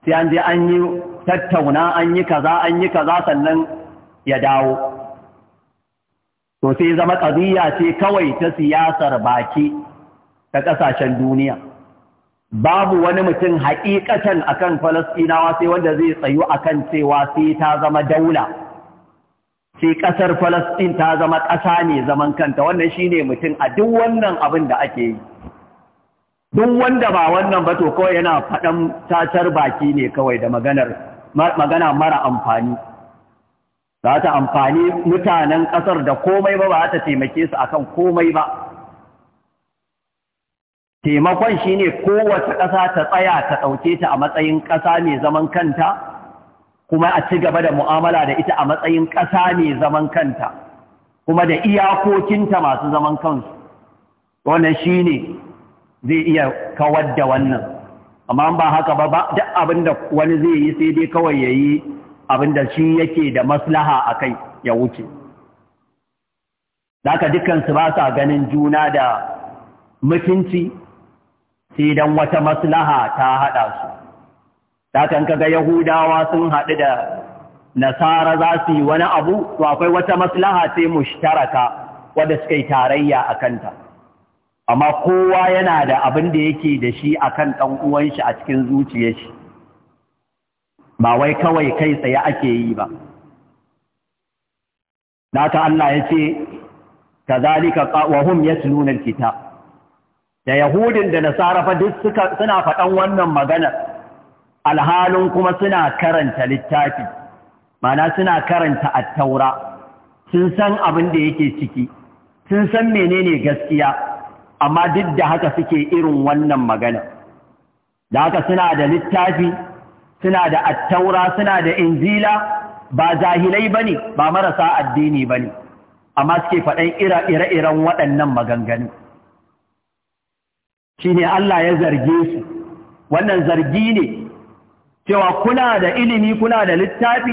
sai an je an yi tattauna an yi kaza an yi kaza sannan ya dawo to sai zama ƙaziyya ce kawai ta siyasar baki ta ƙasashen duniya babu wani mutum haƙiƙatan akan falasɗinawa sai wanda zai tsayu a kan cewa sai ta zama daula sai ƙasar falasɗin ta zama ƙasa ne zaman kanta wannan shi ne mutum a duk wannan abin da ake yi duk wanda ba wannan ba to kawai yana faɗan tacar baki ne kawai da maganar magana mara amfani za ta amfani mutanen ƙasar da komai ba ba ta taimake su akan komai ba taimakon shine kowace ƙasa ta tsaya ta ɗauke ta a matsayin ƙasa mai zaman kanta kuma a ci gaba da mu'amala da ita a matsayin ƙasa mai zaman kanta kuma da iyakokinta masu zaman kansu wannan ne zai iya kawar da wannan amma ba haka ba duk abinda wani zai yi sai dai kawai ya yi abinda shi yake da maslaha a kai ya wuce da haka dukansu ba sa ganin juna da mutunci sai don wata maslaha ta haɗa su da haka kaga yahudawa sun haɗu da nasara za su yi wani abu to akwai wata maslaha sai mushtaraka wadda suka yi tarayya a kanta amma kowa yana da abin da yake da shi akan ɗan uwan shi a cikin zuciyar shi ba wai kawai kai tsaye ake yi ba naka Allah ya ce kazalika wa hum yatluna alkitab da yahudin da nasara fa duk suka suna faɗan wannan magana alhalin kuma suna karanta littafi mana suna karanta at-taura sun san abin da yake ciki sun san menene gaskiya amma duk da haka suke irin wannan magana da haka suna da littafi suna da attaura suna da inzila, ba zahilai ba ne ba marasa addini ba ne amma suke faɗan ire-iren waɗannan maganganu shi ne Allah ya zarge su wannan zargi ne cewa kuna da ilimi kuna da littafi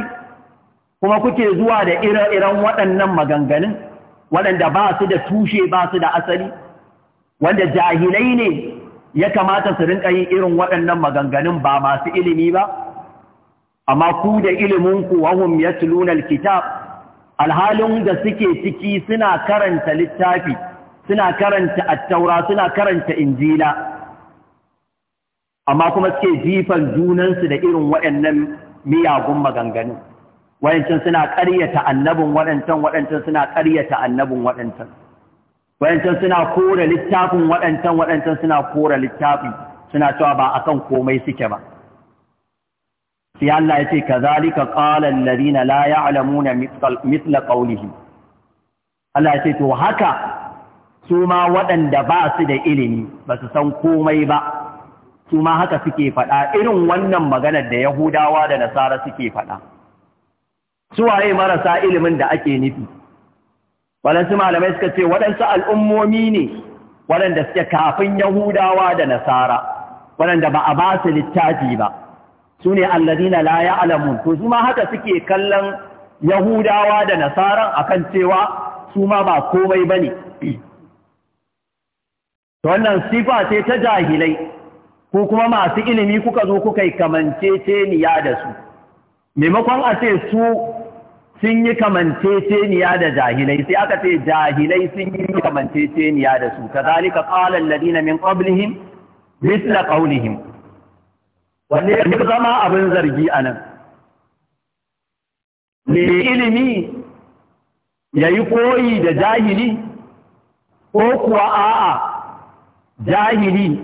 kuma kuke zuwa da ire-iren waɗannan maganganun waɗanda ba su da tushe ba su da asali wanda jahilai ne ya kamata su rinka yi irin waɗannan maganganun ba masu ilimi ba amma ku da iliminku wahum yatluna kitab, alhalin da suke ciki suna karanta littafi suna karanta attaura suna karanta injila amma kuma suke jifan junansu da irin waɗannan miyagun maganganun waɗancan suna ƙaryata annabin waɗancan waɗancan suna ƙaryata annabin waɗancan waɗancan suna kore littafin waɗancan waɗancan suna kore littafin suna cewa ba kan komai suke ba sai Allah ya ce kazalika qala alladhina la na mithla qawlihim Allah ya ce to haka su ma waɗanda ba su da ilimi ba su san komai ba su ma haka suke faɗa irin wannan maganar da Yahudawa da Nasara suke faɗa. Suwaye marasa ilimin da ake nufi, waɗansu malamai suka ce waɗansu al'ummomi ne waɗanda suke kafin yahudawa da nasara waɗanda ba a ba su littafi ba su ne allazina la alamun to su ma haka suke kallon yahudawa da nasaran akan cewa su ma ba komai bane to wannan sifa ce ta jahilai ko kuma masu ilimi kuka zo kuka yi kamanceceniya da su maimakon a ce su sun yi kamanceceniya da jahilai sai aka ce jahilai sun yi kamanceceniya da su zalika qala ladina min qablihim misla qawlihim wanne ya zama abin zargi anan me ilimi yayi koyi da jahili ko kuwa a'a jahili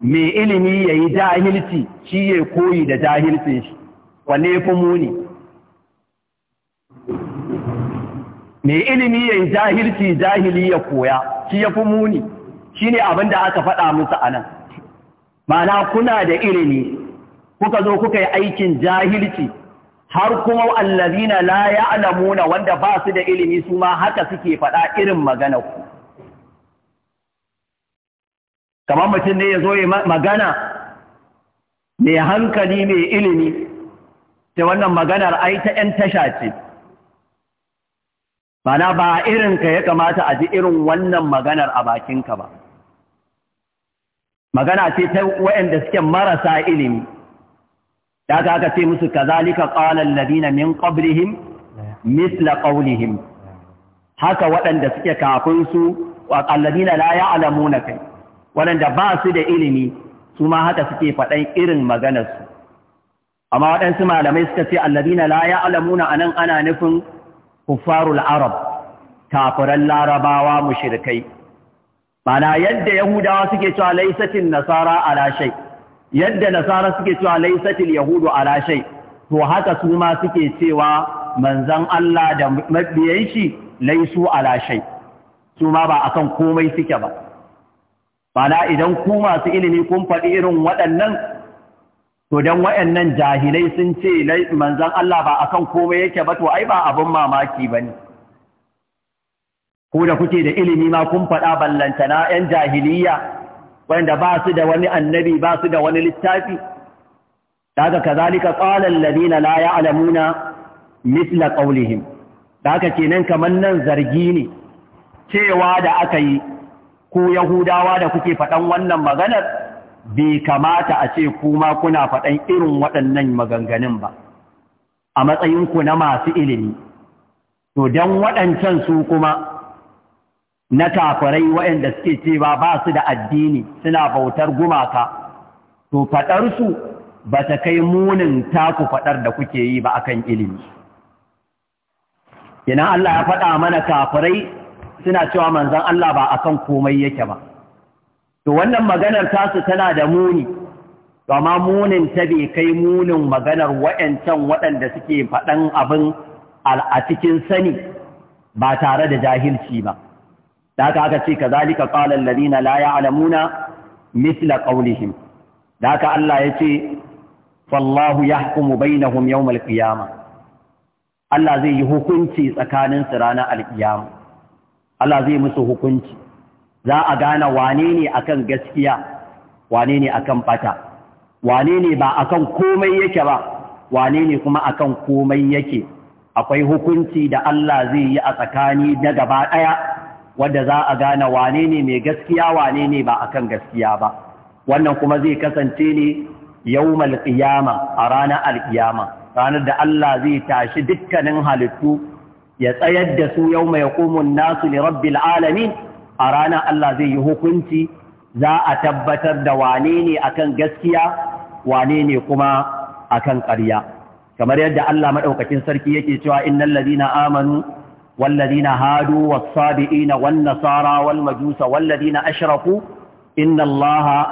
me ilimi yayi jahilci shi ya koyi da jahilcin shi wanne ya fi mai ilimi ya yi jahilci jahili ya koya shi ya fi muni shi ne abin da aka faɗa musu a nan mana kuna da ilimi kuka zo kuka yi aikin jahilci har kuma allazina la ya'lamuna wanda ba su da ilimi su ma haka suke faɗa irin magana ku kamar mutum ne ya zo yi magana mai hankali mai ilimi ta wannan maganar ai ta 'yan tasha ce Bana ba irinka ya kamata a ji irin wannan maganar a bakinka ba. Magana ce ta waɗanda suke marasa ilimi, da aka ce musu kazalika ƙalar ladina min ƙabrihim, misla ƙaunihim. Haka waɗanda suke kafin su, waƙalladina la ya alamu na kai, waɗanda ba su da ilimi, su ma haka suke faɗan irin maganarsu. Amma waɗansu malamai suka ce, alladina la ya alamu na anan ana nufin kuffarul arab kafiran larabawa mushirikai. bana yadda yahudawa suke cewa laisatin nasara ala shay yadda nasara suke cewa laisatil yahudu ala shay to haka su ma suke cewa manzan Allah da mabiyan shi laisu ala shay su ma ba akan komai suke ba bana idan ku masu ilimi kun faɗi irin waɗannan to don waɗannan jahilai sun ce manzan Allah ba a kan komai yake ba to ai ba abin mamaki ba ne. ko da kuke da ilimi ma kun faɗa na 'yan jahiliya wanda ba su da wani annabi ba su da wani littafi daga kazalika tsalar alladhina la alamuna mitla ƙaulihim, daga kenan kamar nan zargi ne cewa da aka yi ko yahudawa da kuke faɗan wannan maganar bai kamata a ce kuma kuna faɗan irin waɗannan maganganun ba a matsayinku na masu ilimi to don waɗancan su kuma na kafirai waɗanda suke cewa ba su da addini suna bautar gumaka to faɗarsu ba ta kai munin taku faɗar da kuke yi ba akan ilimi Ina Allah ya faɗa mana kafirai suna cewa manzon Allah ba akan komai yake ba to wannan maganar tasu tana da muni amma munin ta bai kai munin maganar waɗancan waɗanda suke faɗan abin a cikin sani ba tare da jahilci ba da aka aka ce kazalika laya alladhina la ya'lamuna mithla ƙaunihim. da aka Allah ya ce fallahu yahkumu bainahum hum al-qiyamah Allah zai yi hukunci tsakaninsu ranar al Allah zai musu hukunci za a gane wane ne akan gaskiya wane ne akan bata wane ne ba kan komai yake ba wane ne kuma akan komai yake akwai hukunci da Allah zai yi a tsakani na gaba ɗaya wanda za a gane wane ne mai gaskiya wane ne ba akan gaskiya ba wannan kuma zai kasance ne yawmal malƙiyama a ranar alƙiyama ranar da Allah zai tashi dukkanin halittu ya tsayar da su yau mai kumun nasu ne rabbil alamin a ranar Allah zai yi hukunci za a tabbatar da wane ne akan gaskiya wane ne kuma akan ƙarya kamar yadda Allah maɗaukacin sarki yake cewa inna ladina amanu wal na hadu wasabi'ina sabiina wan nasara wal majusa wal ladina ashraku innallaha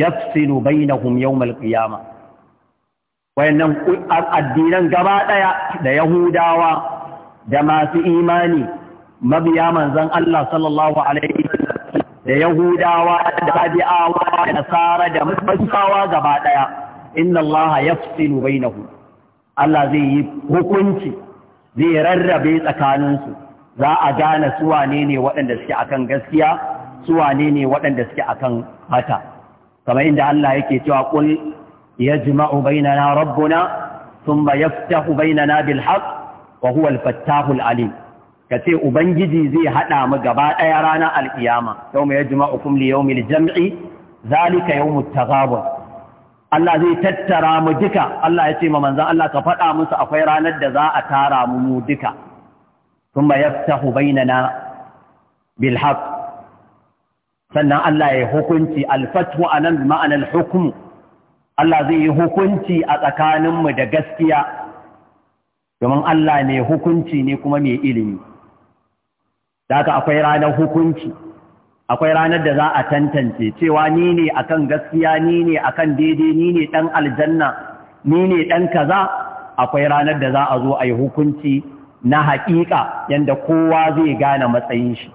yafsilu bainahum yawmal qiyamah wayannan addinan gaba daya da yahudawa da masu imani mabiya manzon Allah sallallahu alaihi da yahudawa da tabi'awa da nasara da musulmawa gaba ɗaya. inna Allah yafsilu bainahu Allah zai yi hukunci zai rarrabe tsakaninsu za a gane su wane ne waɗanda suke akan gaskiya su wane ne waɗanda suke akan hata kamar inda Allah yake cewa qul yajma'u bainana rabbuna thumma yaftahu bainana bil haqq wa huwa al alim ka ce ubangiji zai haɗa mu gaba ɗaya ranar alkiyama yau mai yajima ukum li yau mil jam'i zalika yau mu tagabun Allah zai tattara mu duka Allah ya ce ma manzan Allah ka faɗa musu akwai ranar da za a tara mu mu duka sun ma yaftahu bainana bil sannan Allah ya hukunci a nan ma'anar hukumu Allah zai yi hukunci a tsakaninmu da gaskiya domin Allah ne hukunci ne kuma mai ilimi da akwai ranar hukunci akwai ranar da za a tantance cewa ni ne akan gaskiya ni ne akan daidai ni ne dan aljanna ni ne dan kaza akwai ranar da za a zo a yi hukunci na haƙiƙa yadda kowa zai gane matsayin shi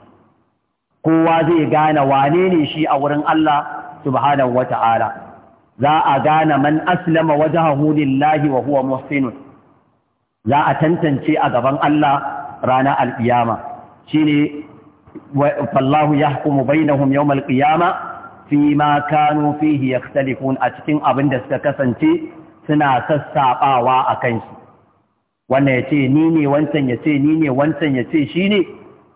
kowa zai gane wane ne shi a wurin Allah subhanahu wata'ala za a gane man aslama wajhahu lillahi wa huwa muhsinun za a tantance a gaban Allah ranar alƙiyama shine wallahu yahkumu bainahum yawmal qiyama fi ma kanu fihi yakhtalifun a cikin abin da suka kasance suna sassaɓawa akan shi wannan yace ni ne wancan yace ni ne wancan yace shi ne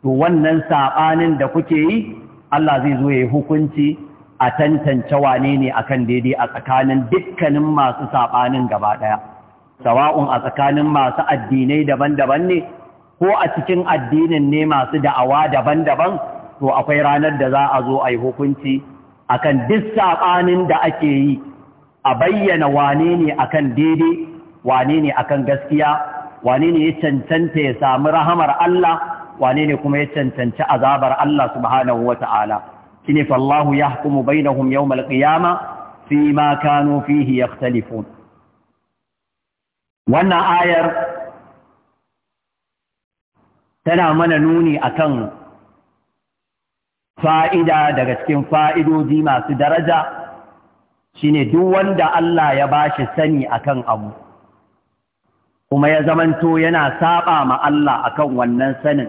to wannan saɓanin da kuke yi Allah zai zo yayi hukunci a tantance wane ne akan daidai a tsakanin dukkanin masu saɓanin gaba daya sawa'un a tsakanin masu addinai daban-daban ne ko a cikin addinin ne masu da'awa daban-daban to akwai ranar da za a zo a yi hukunci akan duk saɓanin da ake yi a bayyana wane ne akan daidai wane ne akan gaskiya wane ne ya cancanta ya sami rahamar Allah wane ne kuma ya cancanci azabar Allah subhanahu wata'ala shine fallahu yahkumu bainahum yawmal qiyama fi ma kano fihi yakhtalifun wannan ayar tana mana nuni akan fa'ida daga cikin fa'idoji masu daraja shine duk wanda Allah ya bashi sani akan abu kuma ya zamanto yana saba ma Allah akan wannan sanin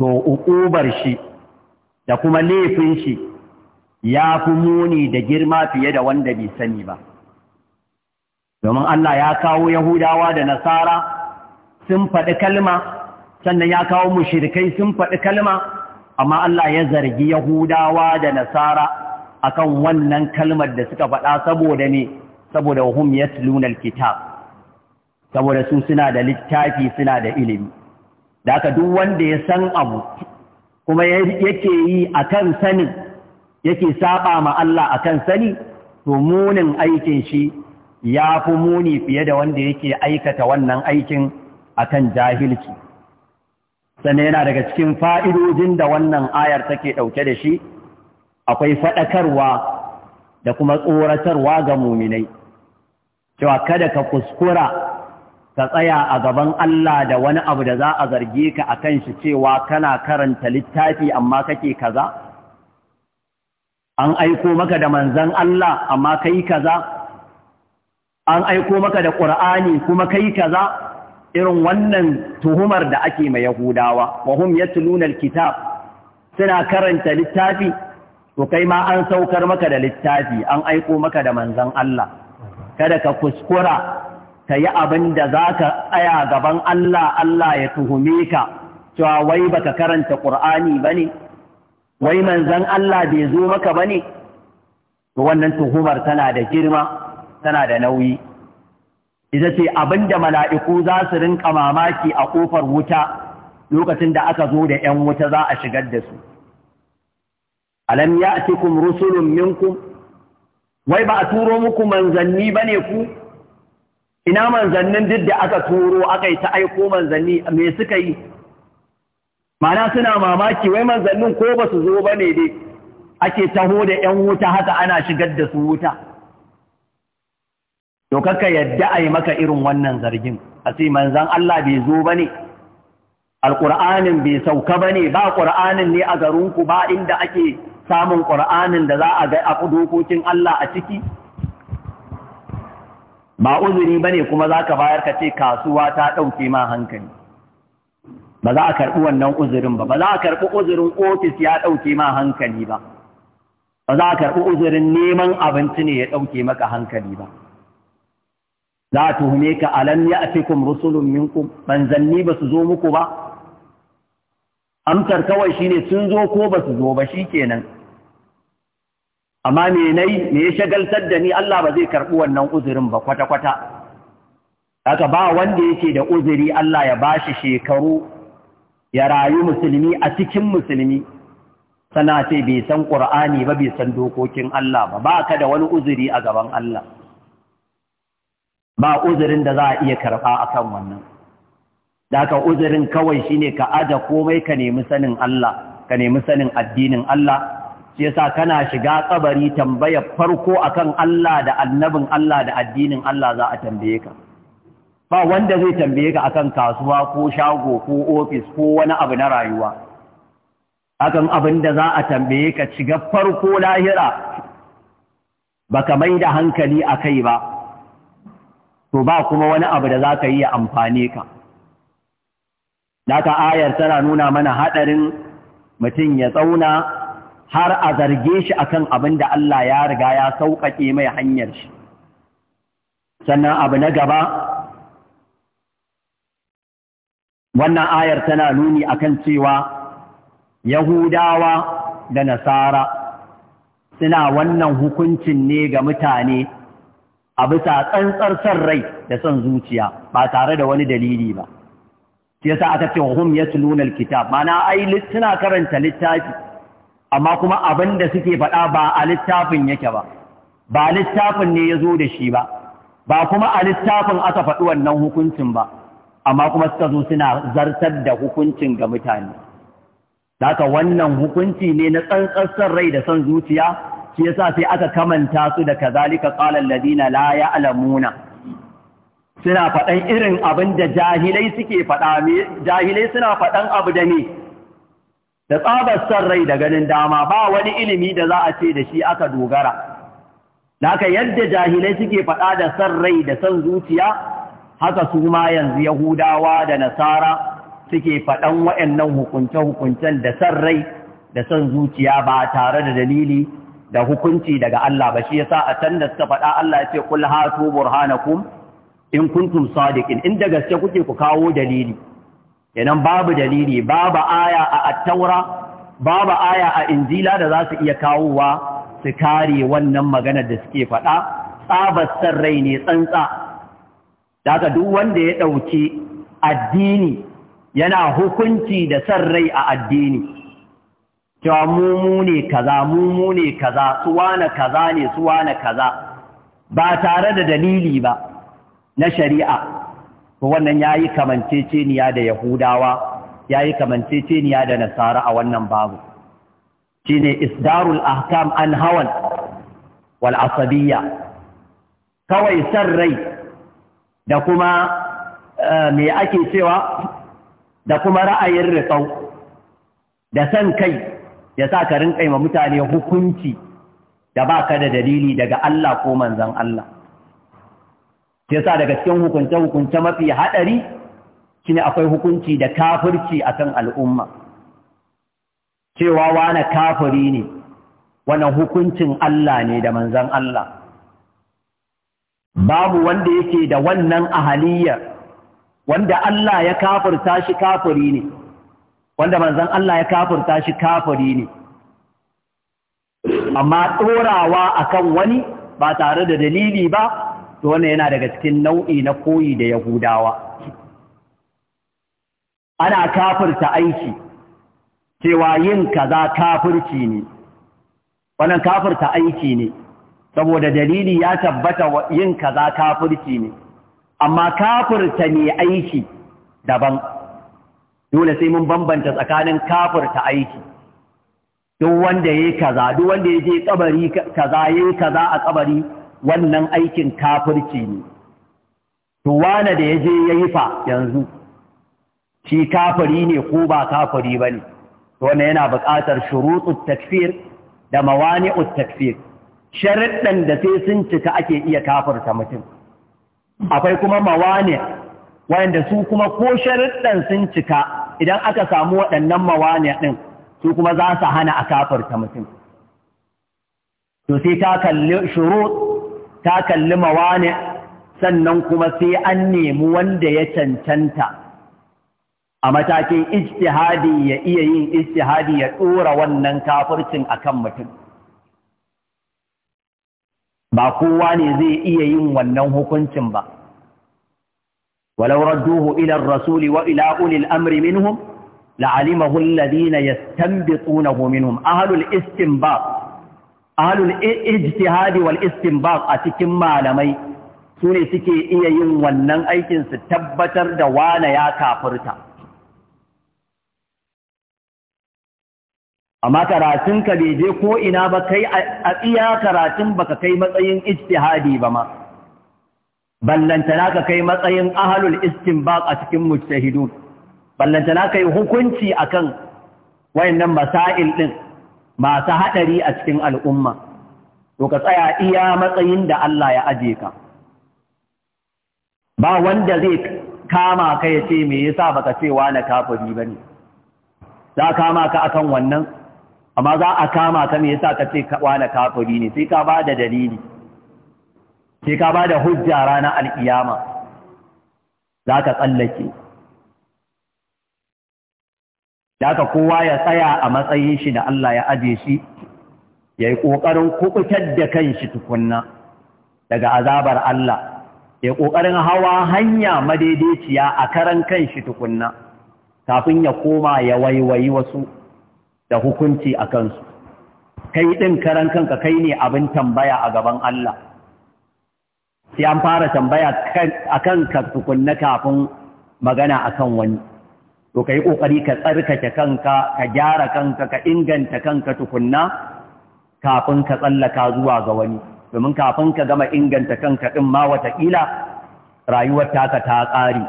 to uƙubar shi da kuma laifin shi ya fi muni da girma fiye da wanda bai sani ba domin Allah ya kawo Yahudawa da Nasara sun faɗi kalma sannan ya kawo mushirikai sun faɗi kalma amma Allah ya zargi Yahudawa da Nasara akan wannan kalmar da suka faɗa saboda ne saboda hum yatluna alkitab saboda su suna da littafi suna da ilimi da haka duk wanda ya san abu kuma yake yi akan sani, yake saba ma Allah akan sani to munin aikin shi ya fi muni fiye da wanda yake aikata wannan aikin akan jahilci sannan yana daga cikin fa'idojin da wannan ayar take ɗauke da shi akwai faɗakarwa da kuma tsoratarwa ga muminai cewa kada ka kuskura ka tsaya a gaban Allah da wani abu da za a zarge ka a kan shi cewa kana karanta littafi amma kake kaza an aiko maka da manzan Allah amma kai kaza an aiko maka da ƙur'ani kuma kai kaza irin wannan tuhumar da ake mai Yahudawa, wa hum yatluna suna karanta littafi, to kai ma an saukar maka da littafi, an aiko maka da manzon Allah. Kada ka kuskura ka yi abin da za ka tsaya gaban Allah, Allah ya tuhume ka, cewa wai baka karanta Ƙur'ani ba ne, wai manzon Allah bai zo maka ba ne, to wannan tuhumar tana da girma, tana da nauyi. ita ce da mala'iku za su rinka mamaki a ƙofar wuta lokacin da aka zo da ‘yan wuta za a shigar da su. Alam ya kum rusulun minkum, wai ba a turo muku manzanni ba ne ku? Ina manzannin duk da aka turo aka yi ta aiko manzanni me suka yi? Mana suna mamaki wai manzannin ko ba su zo ba ne dai ake taho da ‘yan wuta haka ana shigar da su wuta. to kakka yadda a yi maka irin wannan zargin a ce manzan Allah bai zo ba ne al’ur’anin bai sauka ba ne ba ƙur'anin ne a garinku ba inda ake samun ƙur'anin da za a ga a dokokin Allah a ciki ba uzuri ba ne kuma za ka bayar ka ce kasuwa ta ɗauke ma hankali ba za a karɓi wannan uzurin ba ba za a karɓi uzurin ofis ya ɗauke ma hankali ba ba za a karɓi uzurin neman abinci ne ya ɗauke maka hankali ba za tuhume ka alam ya'tikum rusulun minkum manzanni ba su zo muku ba amsar kawai shine sun zo ko ba su zo ba shi kenan. amma me nayi me ya shagaltar da ni Allah ba zai karbi wannan uzurin ba kwata kwata haka ba wanda yake da uzuri Allah ya bashi shekaru ya rayu musulmi a cikin musulmi sana sai bai san ƙur'ani ba bai san dokokin Allah ba ba ka da wani uzuri a gaban Allah ba uzurin da za a iya karɓa akan wannan da uzurin kawai shine ka aja komai ka nemi sanin Allah ka nemi sanin addinin Allah shi yasa kana shiga kabari tambaya farko akan Allah da annabin Allah da addinin Allah za a tambaye ka ba wanda zai tambaye ka akan kasuwa ko shago ko ofis ko wani abu na rayuwa akan abin da za a tambaye ka shiga farko lahira baka mai da hankali a kai ba to ba kuma wani abu da za ka yi ya amfane ka Daka ayar tana nuna mana haɗarin mutum ya tsauna har a zarge shi akan abin da Allah ya riga ya sauƙaƙe mai hanyar shi sannan abu na gaba wannan ayar tana nuni akan cewa yahudawa da nasara suna wannan hukuncin ne ga mutane a bisa tsantsar san rai da son zuciya ba tare da wani dalili ba shi yasa aka ce hum yatluna alkitab mana ai suna karanta littafi amma kuma abin da suke faɗa ba a littafin yake ba ba littafin ne ya zo da shi ba ba kuma a littafin aka faɗi wannan hukuncin ba amma kuma suka zo suna zartar da hukuncin ga mutane Daka wannan hukunci ne na tsantsar rai da son zuciya shi yasa sai aka kamanta su da kazalika qala ladina la ya'lamuna suna irin abin da jahilai suke jahilai suna faɗan abu da da tsabar san rai da ganin dama ba wani ilimi da za a ce da shi aka dogara haka yadda jahilai suke faɗa da san rai da san zuciya haka su ma yanzu yahudawa da nasara suke faɗan waɗannan hukunce-hukuncen da san rai da san zuciya ba tare da dalili da hukunci daga Allah ba shi yasa a can da suka faɗa Allah ya ce kul hatu burhanakum in kuntum sadiqin in da gaske kuke ku kawo dalili kenan babu dalili babu aya a at-taura babu aya a injila da za su iya kawowa su kare wannan maganar da suke faɗa tsabar san rai ne tsantsa daga duk wanda ya ɗauki addini yana hukunci da san rai a addini cewa mumu ne kaza mumu ne kaza suwa na kaza ne suwa na kaza ba tare da dalili ba na shari'a to wannan yayi kamanceceniya da yahudawa yayi kamanceceniya da nasara a wannan babu shine isdarul ahkam an hawan wal asabiyya kawai san rai da kuma eh, me ake cewa da kuma ra'ayin riƙau da san kai ya sa ka rinƙa ma mutane hukunci da ba ka da dalili daga Allah ko manzan Allah ya sa daga cikin hukunce-hukunce mafi haɗari shi akwai hukunci da kafirci a kan al'umma cewa wane kafiri ne wannan hukuncin Allah ne da manzan Allah babu wanda yake da wannan ahaliyar wanda Allah ya kafirta shi kafiri ne wanda manzan Allah ya kafurta shi kafuri ne amma ɗorawa akan wani ba tare da dalili ba to wannan yana daga cikin nau'i na koyi da yahudawa ana kafurta aiki cewa yin kaza kafurci ne wannan kafurta aiki ne saboda dalili ya tabbata yin kaza kafurci ne amma kafurta ne aiki daban dole sai mun bambanta tsakanin ta aiki duk wanda yayi kaza duk wanda yaje kabari kaza yayi kaza a kabari wannan aikin kafirci ne to wanda da yaje yayi fa yanzu shi kafiri ne ko ba kafiri bane to wannan yana buƙatar shurutut takfir da mawani'ut takfir sharuɗan da sai sun cika ake iya kafirta mutum akwai kuma mawani wanda su kuma ko sharuɗan sun cika idan aka samu waɗannan mawane ɗin su kuma za su hana a kafarta mutum to sai ta kalli shuru, ta kalli mawani sannan kuma sai an nemi wanda ya cancanta a matakin ijtihadi ya iya yin ijtihadi ya ɗora wannan kafircin akan mutum ba kowa ne zai iya yin wannan hukuncin ba ولو ردوه إلى الرسول وإلى أولي الأمر منهم لعلمه الذين يستنبطونه منهم أهل الاستنباط أهل الاجتهاد والاستنباط أتكم معلمي سوني سكي إيين ونن أيكن ستبتر دوانا يا كافرتا amma karatunka bai je ko ina ba kai a iya karatun baka kai matsayin ijtihadi ba ma ballantana ka kai matsayin ahalul istinbaq a cikin mujtahidun ballantana kai hukunci akan wayannan masail din masu hadari a cikin al'umma to ka tsaya iya matsayin da Allah ya aje ka ba wanda zai kama ka ya ce me yasa baka ce wa na kafiri bane za kama ka akan wannan amma za a kama ka me yasa ka ce wa na kafiri ne sai ka ba da dalili sai ka ba da hujja ranar alkiyama za ka tsallake ka kowa ya tsaya a matsayin shi da Allah ya aje shi ya yi ƙoƙarin kuɓutar da kan shi tukunna daga azabar Allah ya ƙoƙarin hawa hanya madaidaiciya a karan kan shi tukunna kafin ya koma ya waiwayi wasu da hukunci a kansu kai ɗin karan kanka kai ne abin tambaya a gaban Allah sai an fara tambaya akan kanka tukunna kafin magana a kan wani to yi ƙoƙari ka tsarkake kanka ka gyara kanka ka inganta kanka tukunna kafin ka tsallaka zuwa ga wani domin kafin ka gama inganta kanka ɗin ma watakila rayuwar taka ta ƙare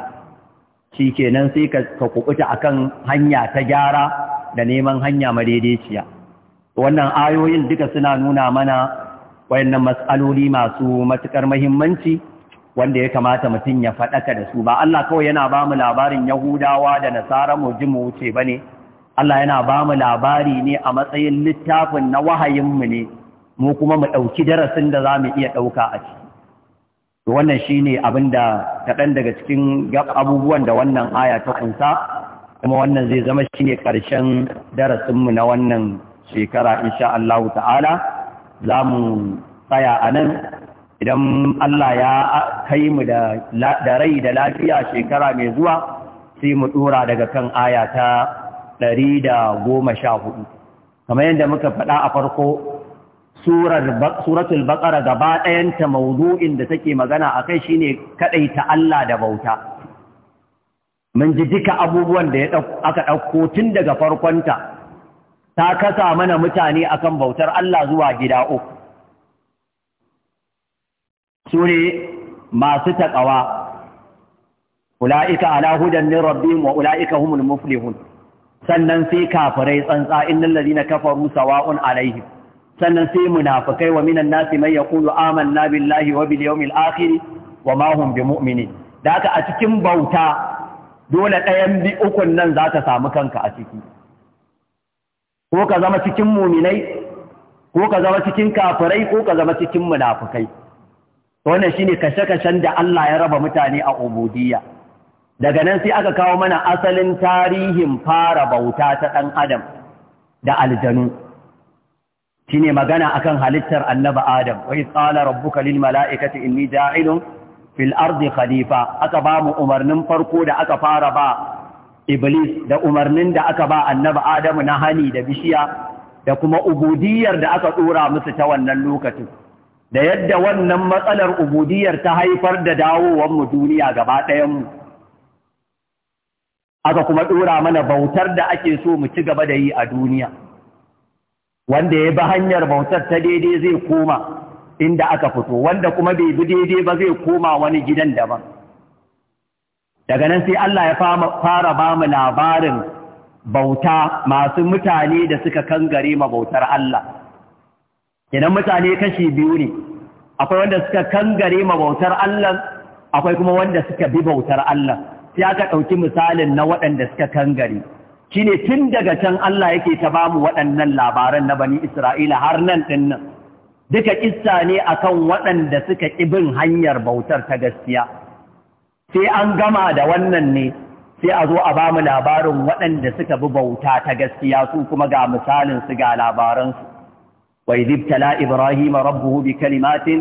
kenan sai ka a akan hanya ta gyara da neman hanya madaidaiciya wannan ayoyin duka suna nuna mana wayannan matsaloli masu matukar muhimmanci wanda ya kamata mutum ya faɗaka da su ba Allah kawai yana ba mu labarin Yahudawa da Nasara mu ji mu wuce bane Allah yana ba mu labari ne a matsayin littafin na wahayin mu ne mu kuma mu ɗauki darasin da za mu iya ɗauka a ciki to wannan shine abinda ta kaɗan daga cikin abubuwan da wannan aya ta kunsa kuma wannan zai zama shine karshen darasin mu na wannan shekara insha Allah ta'ala za mu tsaya a nan idan Allah ya kai mu da rai da lafiya shekara mai zuwa sai mu ɗora daga kan aya ta ɗari da goma sha hudu kamar yadda muka faɗa a farko suratul baƙara gaba ɗayanta maudu'in da take magana a kai shine ta Allah da bauta mun ji duka abubuwan da aka ɗauko tun daga farkonta ta kasa mana mutane akan bautar Allah zuwa gida uku su ne masu taƙawa ula'ika ala hudan min wa ula'ika humul muflihun sannan sai kafirai tsantsa innal ladina kafaru sawa'un alaihi, sannan sai munafikai wa minan nasi man yaqulu amanna billahi wa bil yawmil wa ma hum bimu'minin da aka a cikin bauta dole ɗayan bi ukun nan za ta samu kanka a ciki ko ka zama cikin muminai ko ka zama cikin kafirai ko ka zama cikin munafukai wannan shine kashe-kashen da Allah ya raba mutane a ubudiyya daga nan sai aka kawo mana asalin tarihin fara bauta ta ɗan adam da aljanu shine magana akan halittar annabi adam wa qala rabbuka lil mala'ikati inni ja'ilun fil ardi khalifa aka ba mu umarnin farko da aka fara ba Iblis da umarnin da aka ba annabi Adamu na hani da bishiya da kuma ubudiyar da aka ɗora musu ta wannan lokacin. Da yadda wannan matsalar ubudiyar ta haifar da dawowanmu duniya gaba ɗayanmu. Aka kuma ɗora mana bautar da ake so mu ci gaba da yi a duniya. Wanda ya bi hanyar bautar ta daidai zai koma inda aka fito, wanda kuma bai bi daidai ba zai koma wani gidan daban. daga nan sai Allah ya fara ba mu labarin bauta masu mutane da suka kangare ma bautar Allah idan mutane kashi biyu ne akwai wanda suka kangare ma bautar Allah akwai kuma wanda suka bi bautar Allah sai aka ɗauki misalin na waɗanda suka kangare shine tun daga can Allah yake ta ba mu waɗannan labaran na bani Isra'ila har nan ɗin nan duka kissa ne akan waɗanda suka ƙi bin hanyar bautar ta gaskiya sai an gama da wannan ne sai a zo a ba mu labarin waɗanda suka bi bauta ta gaskiya su kuma ga misalin su ga labaransu wa idh tala ibrahima rabbuhu bi kalimatin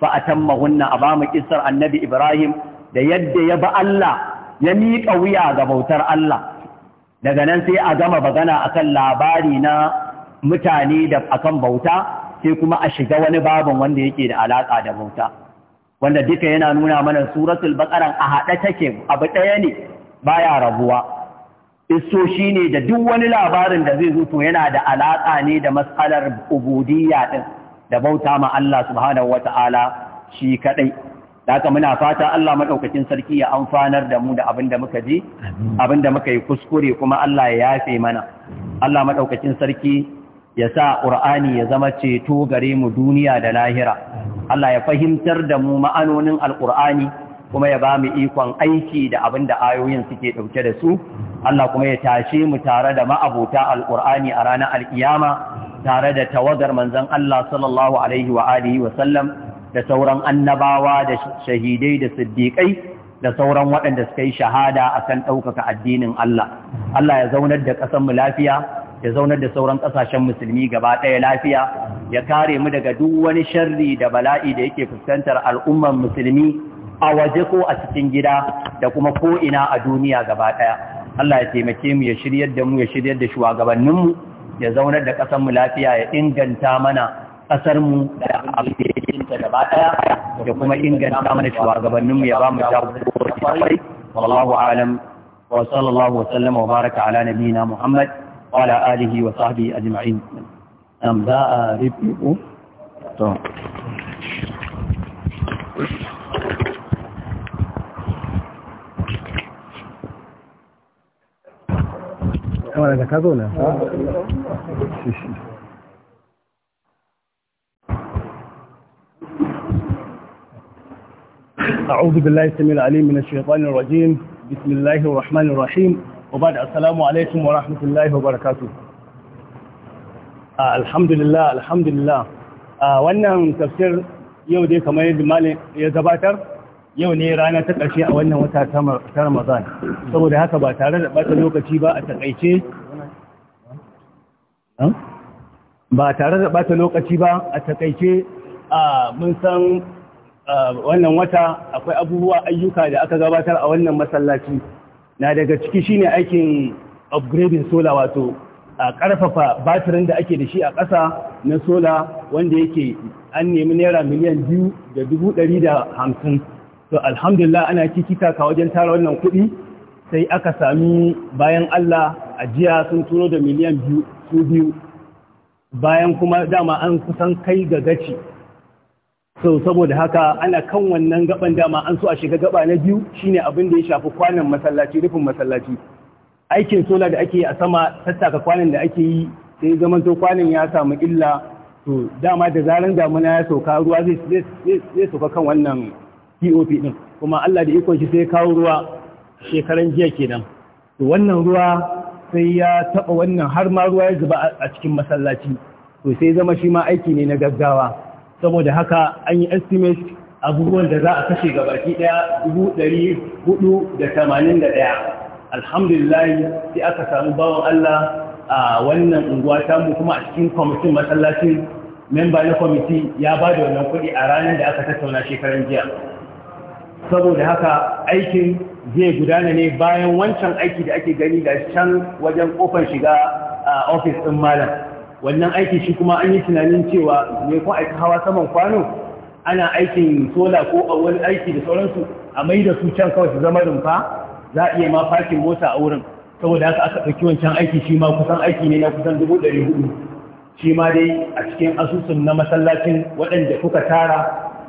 fa atammahunna a ba mu annabi ibrahim da yadda ya bi Allah ya miƙa wuya ga bautar Allah daga nan sai a gama bagana akan labari na mutane da akan bauta sai kuma a shiga wani babin wanda yake da alaƙa da bauta wanda duka yana nuna mana suratul baqara a haɗe take abu ɗaya ne baya rabuwa isso ne da duk wani labarin da zai zuto yana da alaƙa ne da matsalar ubudiyya din da bauta ma Allah subhanahu wata'ala shi kadai haka muna fata Allah madaukakin sarki ya amfanar da mu da abin da muka ji abin da muka yi kuskure kuma Allah ya yafe mana Allah madaukakin sarki ya sa ƙur'ani ya zama ceto gare mu duniya da lahira Allah ya fahimtar da mu ma'anonin alƙur'ani kuma ya ba mu ikon aiki da abin da ayoyin suke ɗauke da su Allah kuma ya tashe mu tare da ma'abota alƙur'ani a ranar alƙiyama tare da tawagar manzon Allah sallallahu alaihi da sauran annabawa da shahidai da siddiƙai da sauran waɗanda suka yi shahada akan ɗaukaka addinin Allah Allah ya zaunar da ƙasar mu lafiya ya zaunar da sauran ƙasashen musulmi gaba ɗaya lafiya ya kare mu daga duk wani sharri da bala'i da yake fuskantar al'umman musulmi a waje ko a cikin gida da kuma ko ina a duniya gaba ɗaya Allah ya taimake mu ya shiryar da mu ya shiryar da shugabanninmu ya zaunar da ƙasarmu lafiya ya inganta mana ƙasarmu mu da abin da gaba ɗaya da kuma inganta mana shugabanninmu ya ba mu jagorori wallahu alam wa sallallahu wa sallama wa baraka ala nabiyina muhammad وعلى آله وصحبه أجمعين أم باء ربئه أعوذ بالله السميع العليم من الشيطان الرجيم بسم الله الرحمن الرحيم وبعد السلام عليكم ورحمة الله وبركاته الحمد لله الحمد لله wannan tafsir yau dai kamar yadda malin ya gabatar yau ne rana ta ƙarshe a wannan wata ta Ramadan saboda haka ba tare da ɓata lokaci ba a taƙaice ba tare da ɓata lokaci ba a taƙaice mun san wannan wata akwai abubuwa ayyuka da aka gabatar a wannan masallaci na daga ciki shi ne aikin upgrading sola wato a ƙarfafa batirin da ake da shi a ƙasa na sola wanda yake an nemi naira miliyan biyu da dubu da hamsin to alhamdulillah ana kikita ka wajen tara wannan kuɗi sai aka sami bayan allah ajiya sun turo da miliyan biyu bayan kuma dama an kusan kai ga gaci sau saboda haka ana kan wannan gaban dama an so a shiga gaba na biyu shine abin da ya shafi kwanan masallaci rufin masallaci aikin sola da ake yi a sama tattaka kwanan da ake yi sai zaman to kwanan ya samu illa to dama da zaran damuna ya sauka ruwa zai zai sauka kan wannan POP din kuma Allah da ikon shi sai ya kawo ruwa shekaran jiya kenan to wannan ruwa sai ya taba wannan har ma ruwa ya zuba a cikin masallaci to sai zama shi ma aiki ne na gaggawa saboda haka an yi estimate abubuwan da za a kashe ga baki daya 481 alhamdulillah sai aka samu bawan Allah a wannan unguwa mu kuma a cikin kwamitin masallacin memba na kwamiti ya ba da wannan kuɗi a ranar da aka tattauna shekaran jiya saboda haka aikin zai gudana ne bayan wancan aiki da ake gani da can wajen kofar shiga a ofis ɗin malam wannan aiki shi kuma an yi tunanin cewa mai kuma aiki hawa saman kwano ana aikin sola ko a wani aiki da sauransu a mai da su can kawai su zama rumfa za a iya ma fakin mota a wurin saboda haka aka ɗauki wancan aiki shi ma kusan aiki ne na kusan dubu ɗari hudu shi ma dai a cikin asusun na masallacin waɗanda kuka tara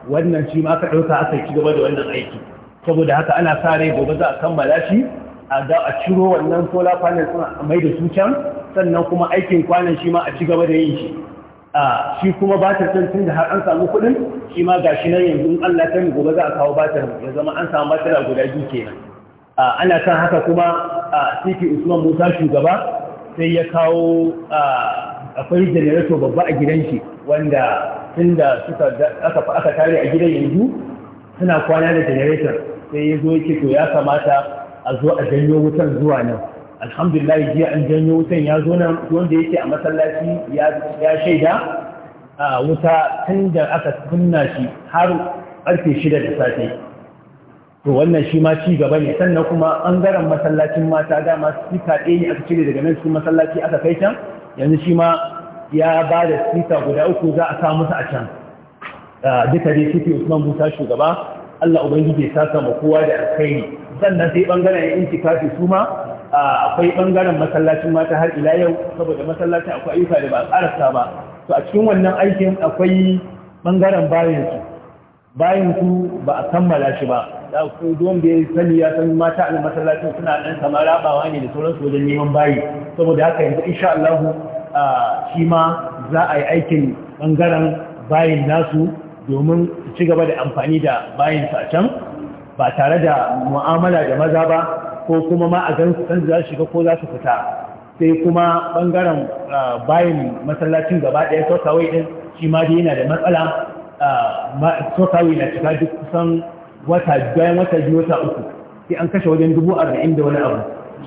wannan shi ma aka ɗauka aka ci gaba da wannan aiki saboda haka ana sa rai gobe za a kammala shi a a ciro wannan solar panel suna mai da su can sannan kuma aikin kwanan shi ma a ci gaba da yin shi a shi kuma batar ɗin tun da har an samu kuɗin shi ma ga shi nan yanzu in Allah ta gobe za a kawo batar ya zama an samu batar guda biyu kenan ana kan haka kuma a siki usman musa shugaba sai ya kawo akwai generator babba a gidan shi wanda tun da aka tare a gidan yanzu suna kwana da generator sai ya zo yake to ya kamata a zo a janyo wutan zuwa nan alhamdulillah jiya an janyo wutan ya zo nan wanda yake a masallaci ya shaida a wuta tun da aka kunna shi har ƙarfe shida da safe to wannan shi ma ci gaba ne sannan kuma ɓangaren masallacin mata dama sika ɗaya ne aka cire daga nan cikin masallaci aka kai can yanzu shi ma ya ba da sita guda uku za a sa musu a can duka dai suke usman musa shugaba allah ubangiji ya saka ma kowa da alkhairi sannan sai bangaren ya intikafi su ma akwai bangaren masallacin mata har ila yau saboda masallacin akwai ayyuka da ba a ba to a cikin wannan aikin akwai bangaren bayan su bayan su ba a kammala shi ba da ku don da ya sani ya san mata a masallacin suna ɗan kamar rabawa ne da sauransu wajen neman bayi saboda haka yanzu insha Allah shi ma za a yi aikin bangaren bayin nasu domin su ci gaba da amfani da bayin a can ba tare da mu'amala da maza ba ko kuma ma a gan su kan za su shiga ko za su fita sai kuma bangaren bayan masallacin gaba ɗaya sokawai ɗin shi ma yana da matsala sokawai na cika duk kusan wata bayan wata biyu wata uku sai an kashe wajen dubu arba'in da wani abu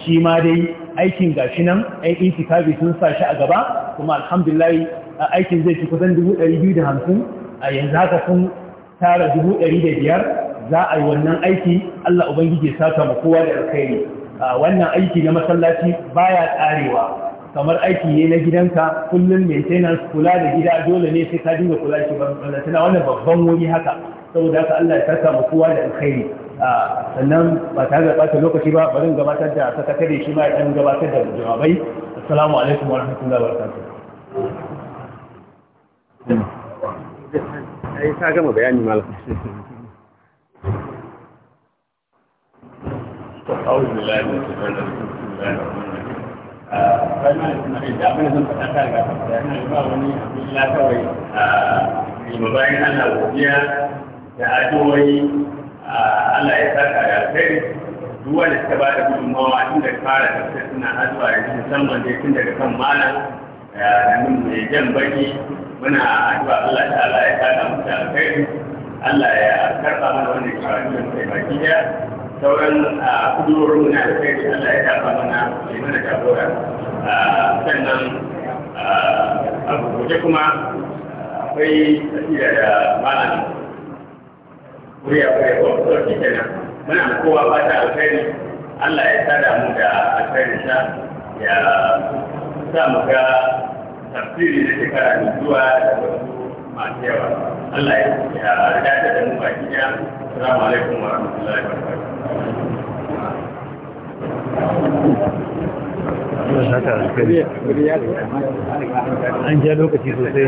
shi ma dai aikin gashi nan ai bi sun sa shi a gaba kuma alhamdulillah aikin zai ci kusan dubu ɗari biyu da hamsin a yanzu haka sun tara dubu ɗari da biyar za a yi wannan aiki Allah Ubangiji ya saka mu kowa da alkhairi wannan aiki na masallaci baya tsarewa kamar aiki ne na gidanka kullum maintenance kula da gida dole ne sai ka dinga kula shi ba tana wannan babban wuri haka saboda haka Allah ya saka mu kowa da alkhairi sannan ba tare da ta lokaci ba bari gabatar da sakatare shi ma ya ɗan gabatar da jawabai assalamu alaikum wa rahmatullahi wa barakatuh ai ka gama bayani malam أعوذ بالله na da abin sun ta ba Allah da ya saka da alheri duk wanda suka ba da gudunmawa tun da fara tafsir suna addu'a da musamman dai tun daga kan malam da nan mai jan baki muna addu'a Allah ta'ala ya kada mu da alkhairi Allah ya karba mana wannan karatu da baki da sauran kudurorin muna da kai Allah ya karba mana ya mana jagora sannan abu rubuce kuma akwai tafiya da malam kuriya kuriya ko sauki kenan muna kowa ba ta alkhairi Allah ya sada mu da alkhairinsa ya sa mu ga tafsiri da shekara da zuwa da wasu masu yawa Allah ya dace da mu baki ɗaya assalamu alaikum wa rahmatullahi wa barakatuh an ja lokaci sosai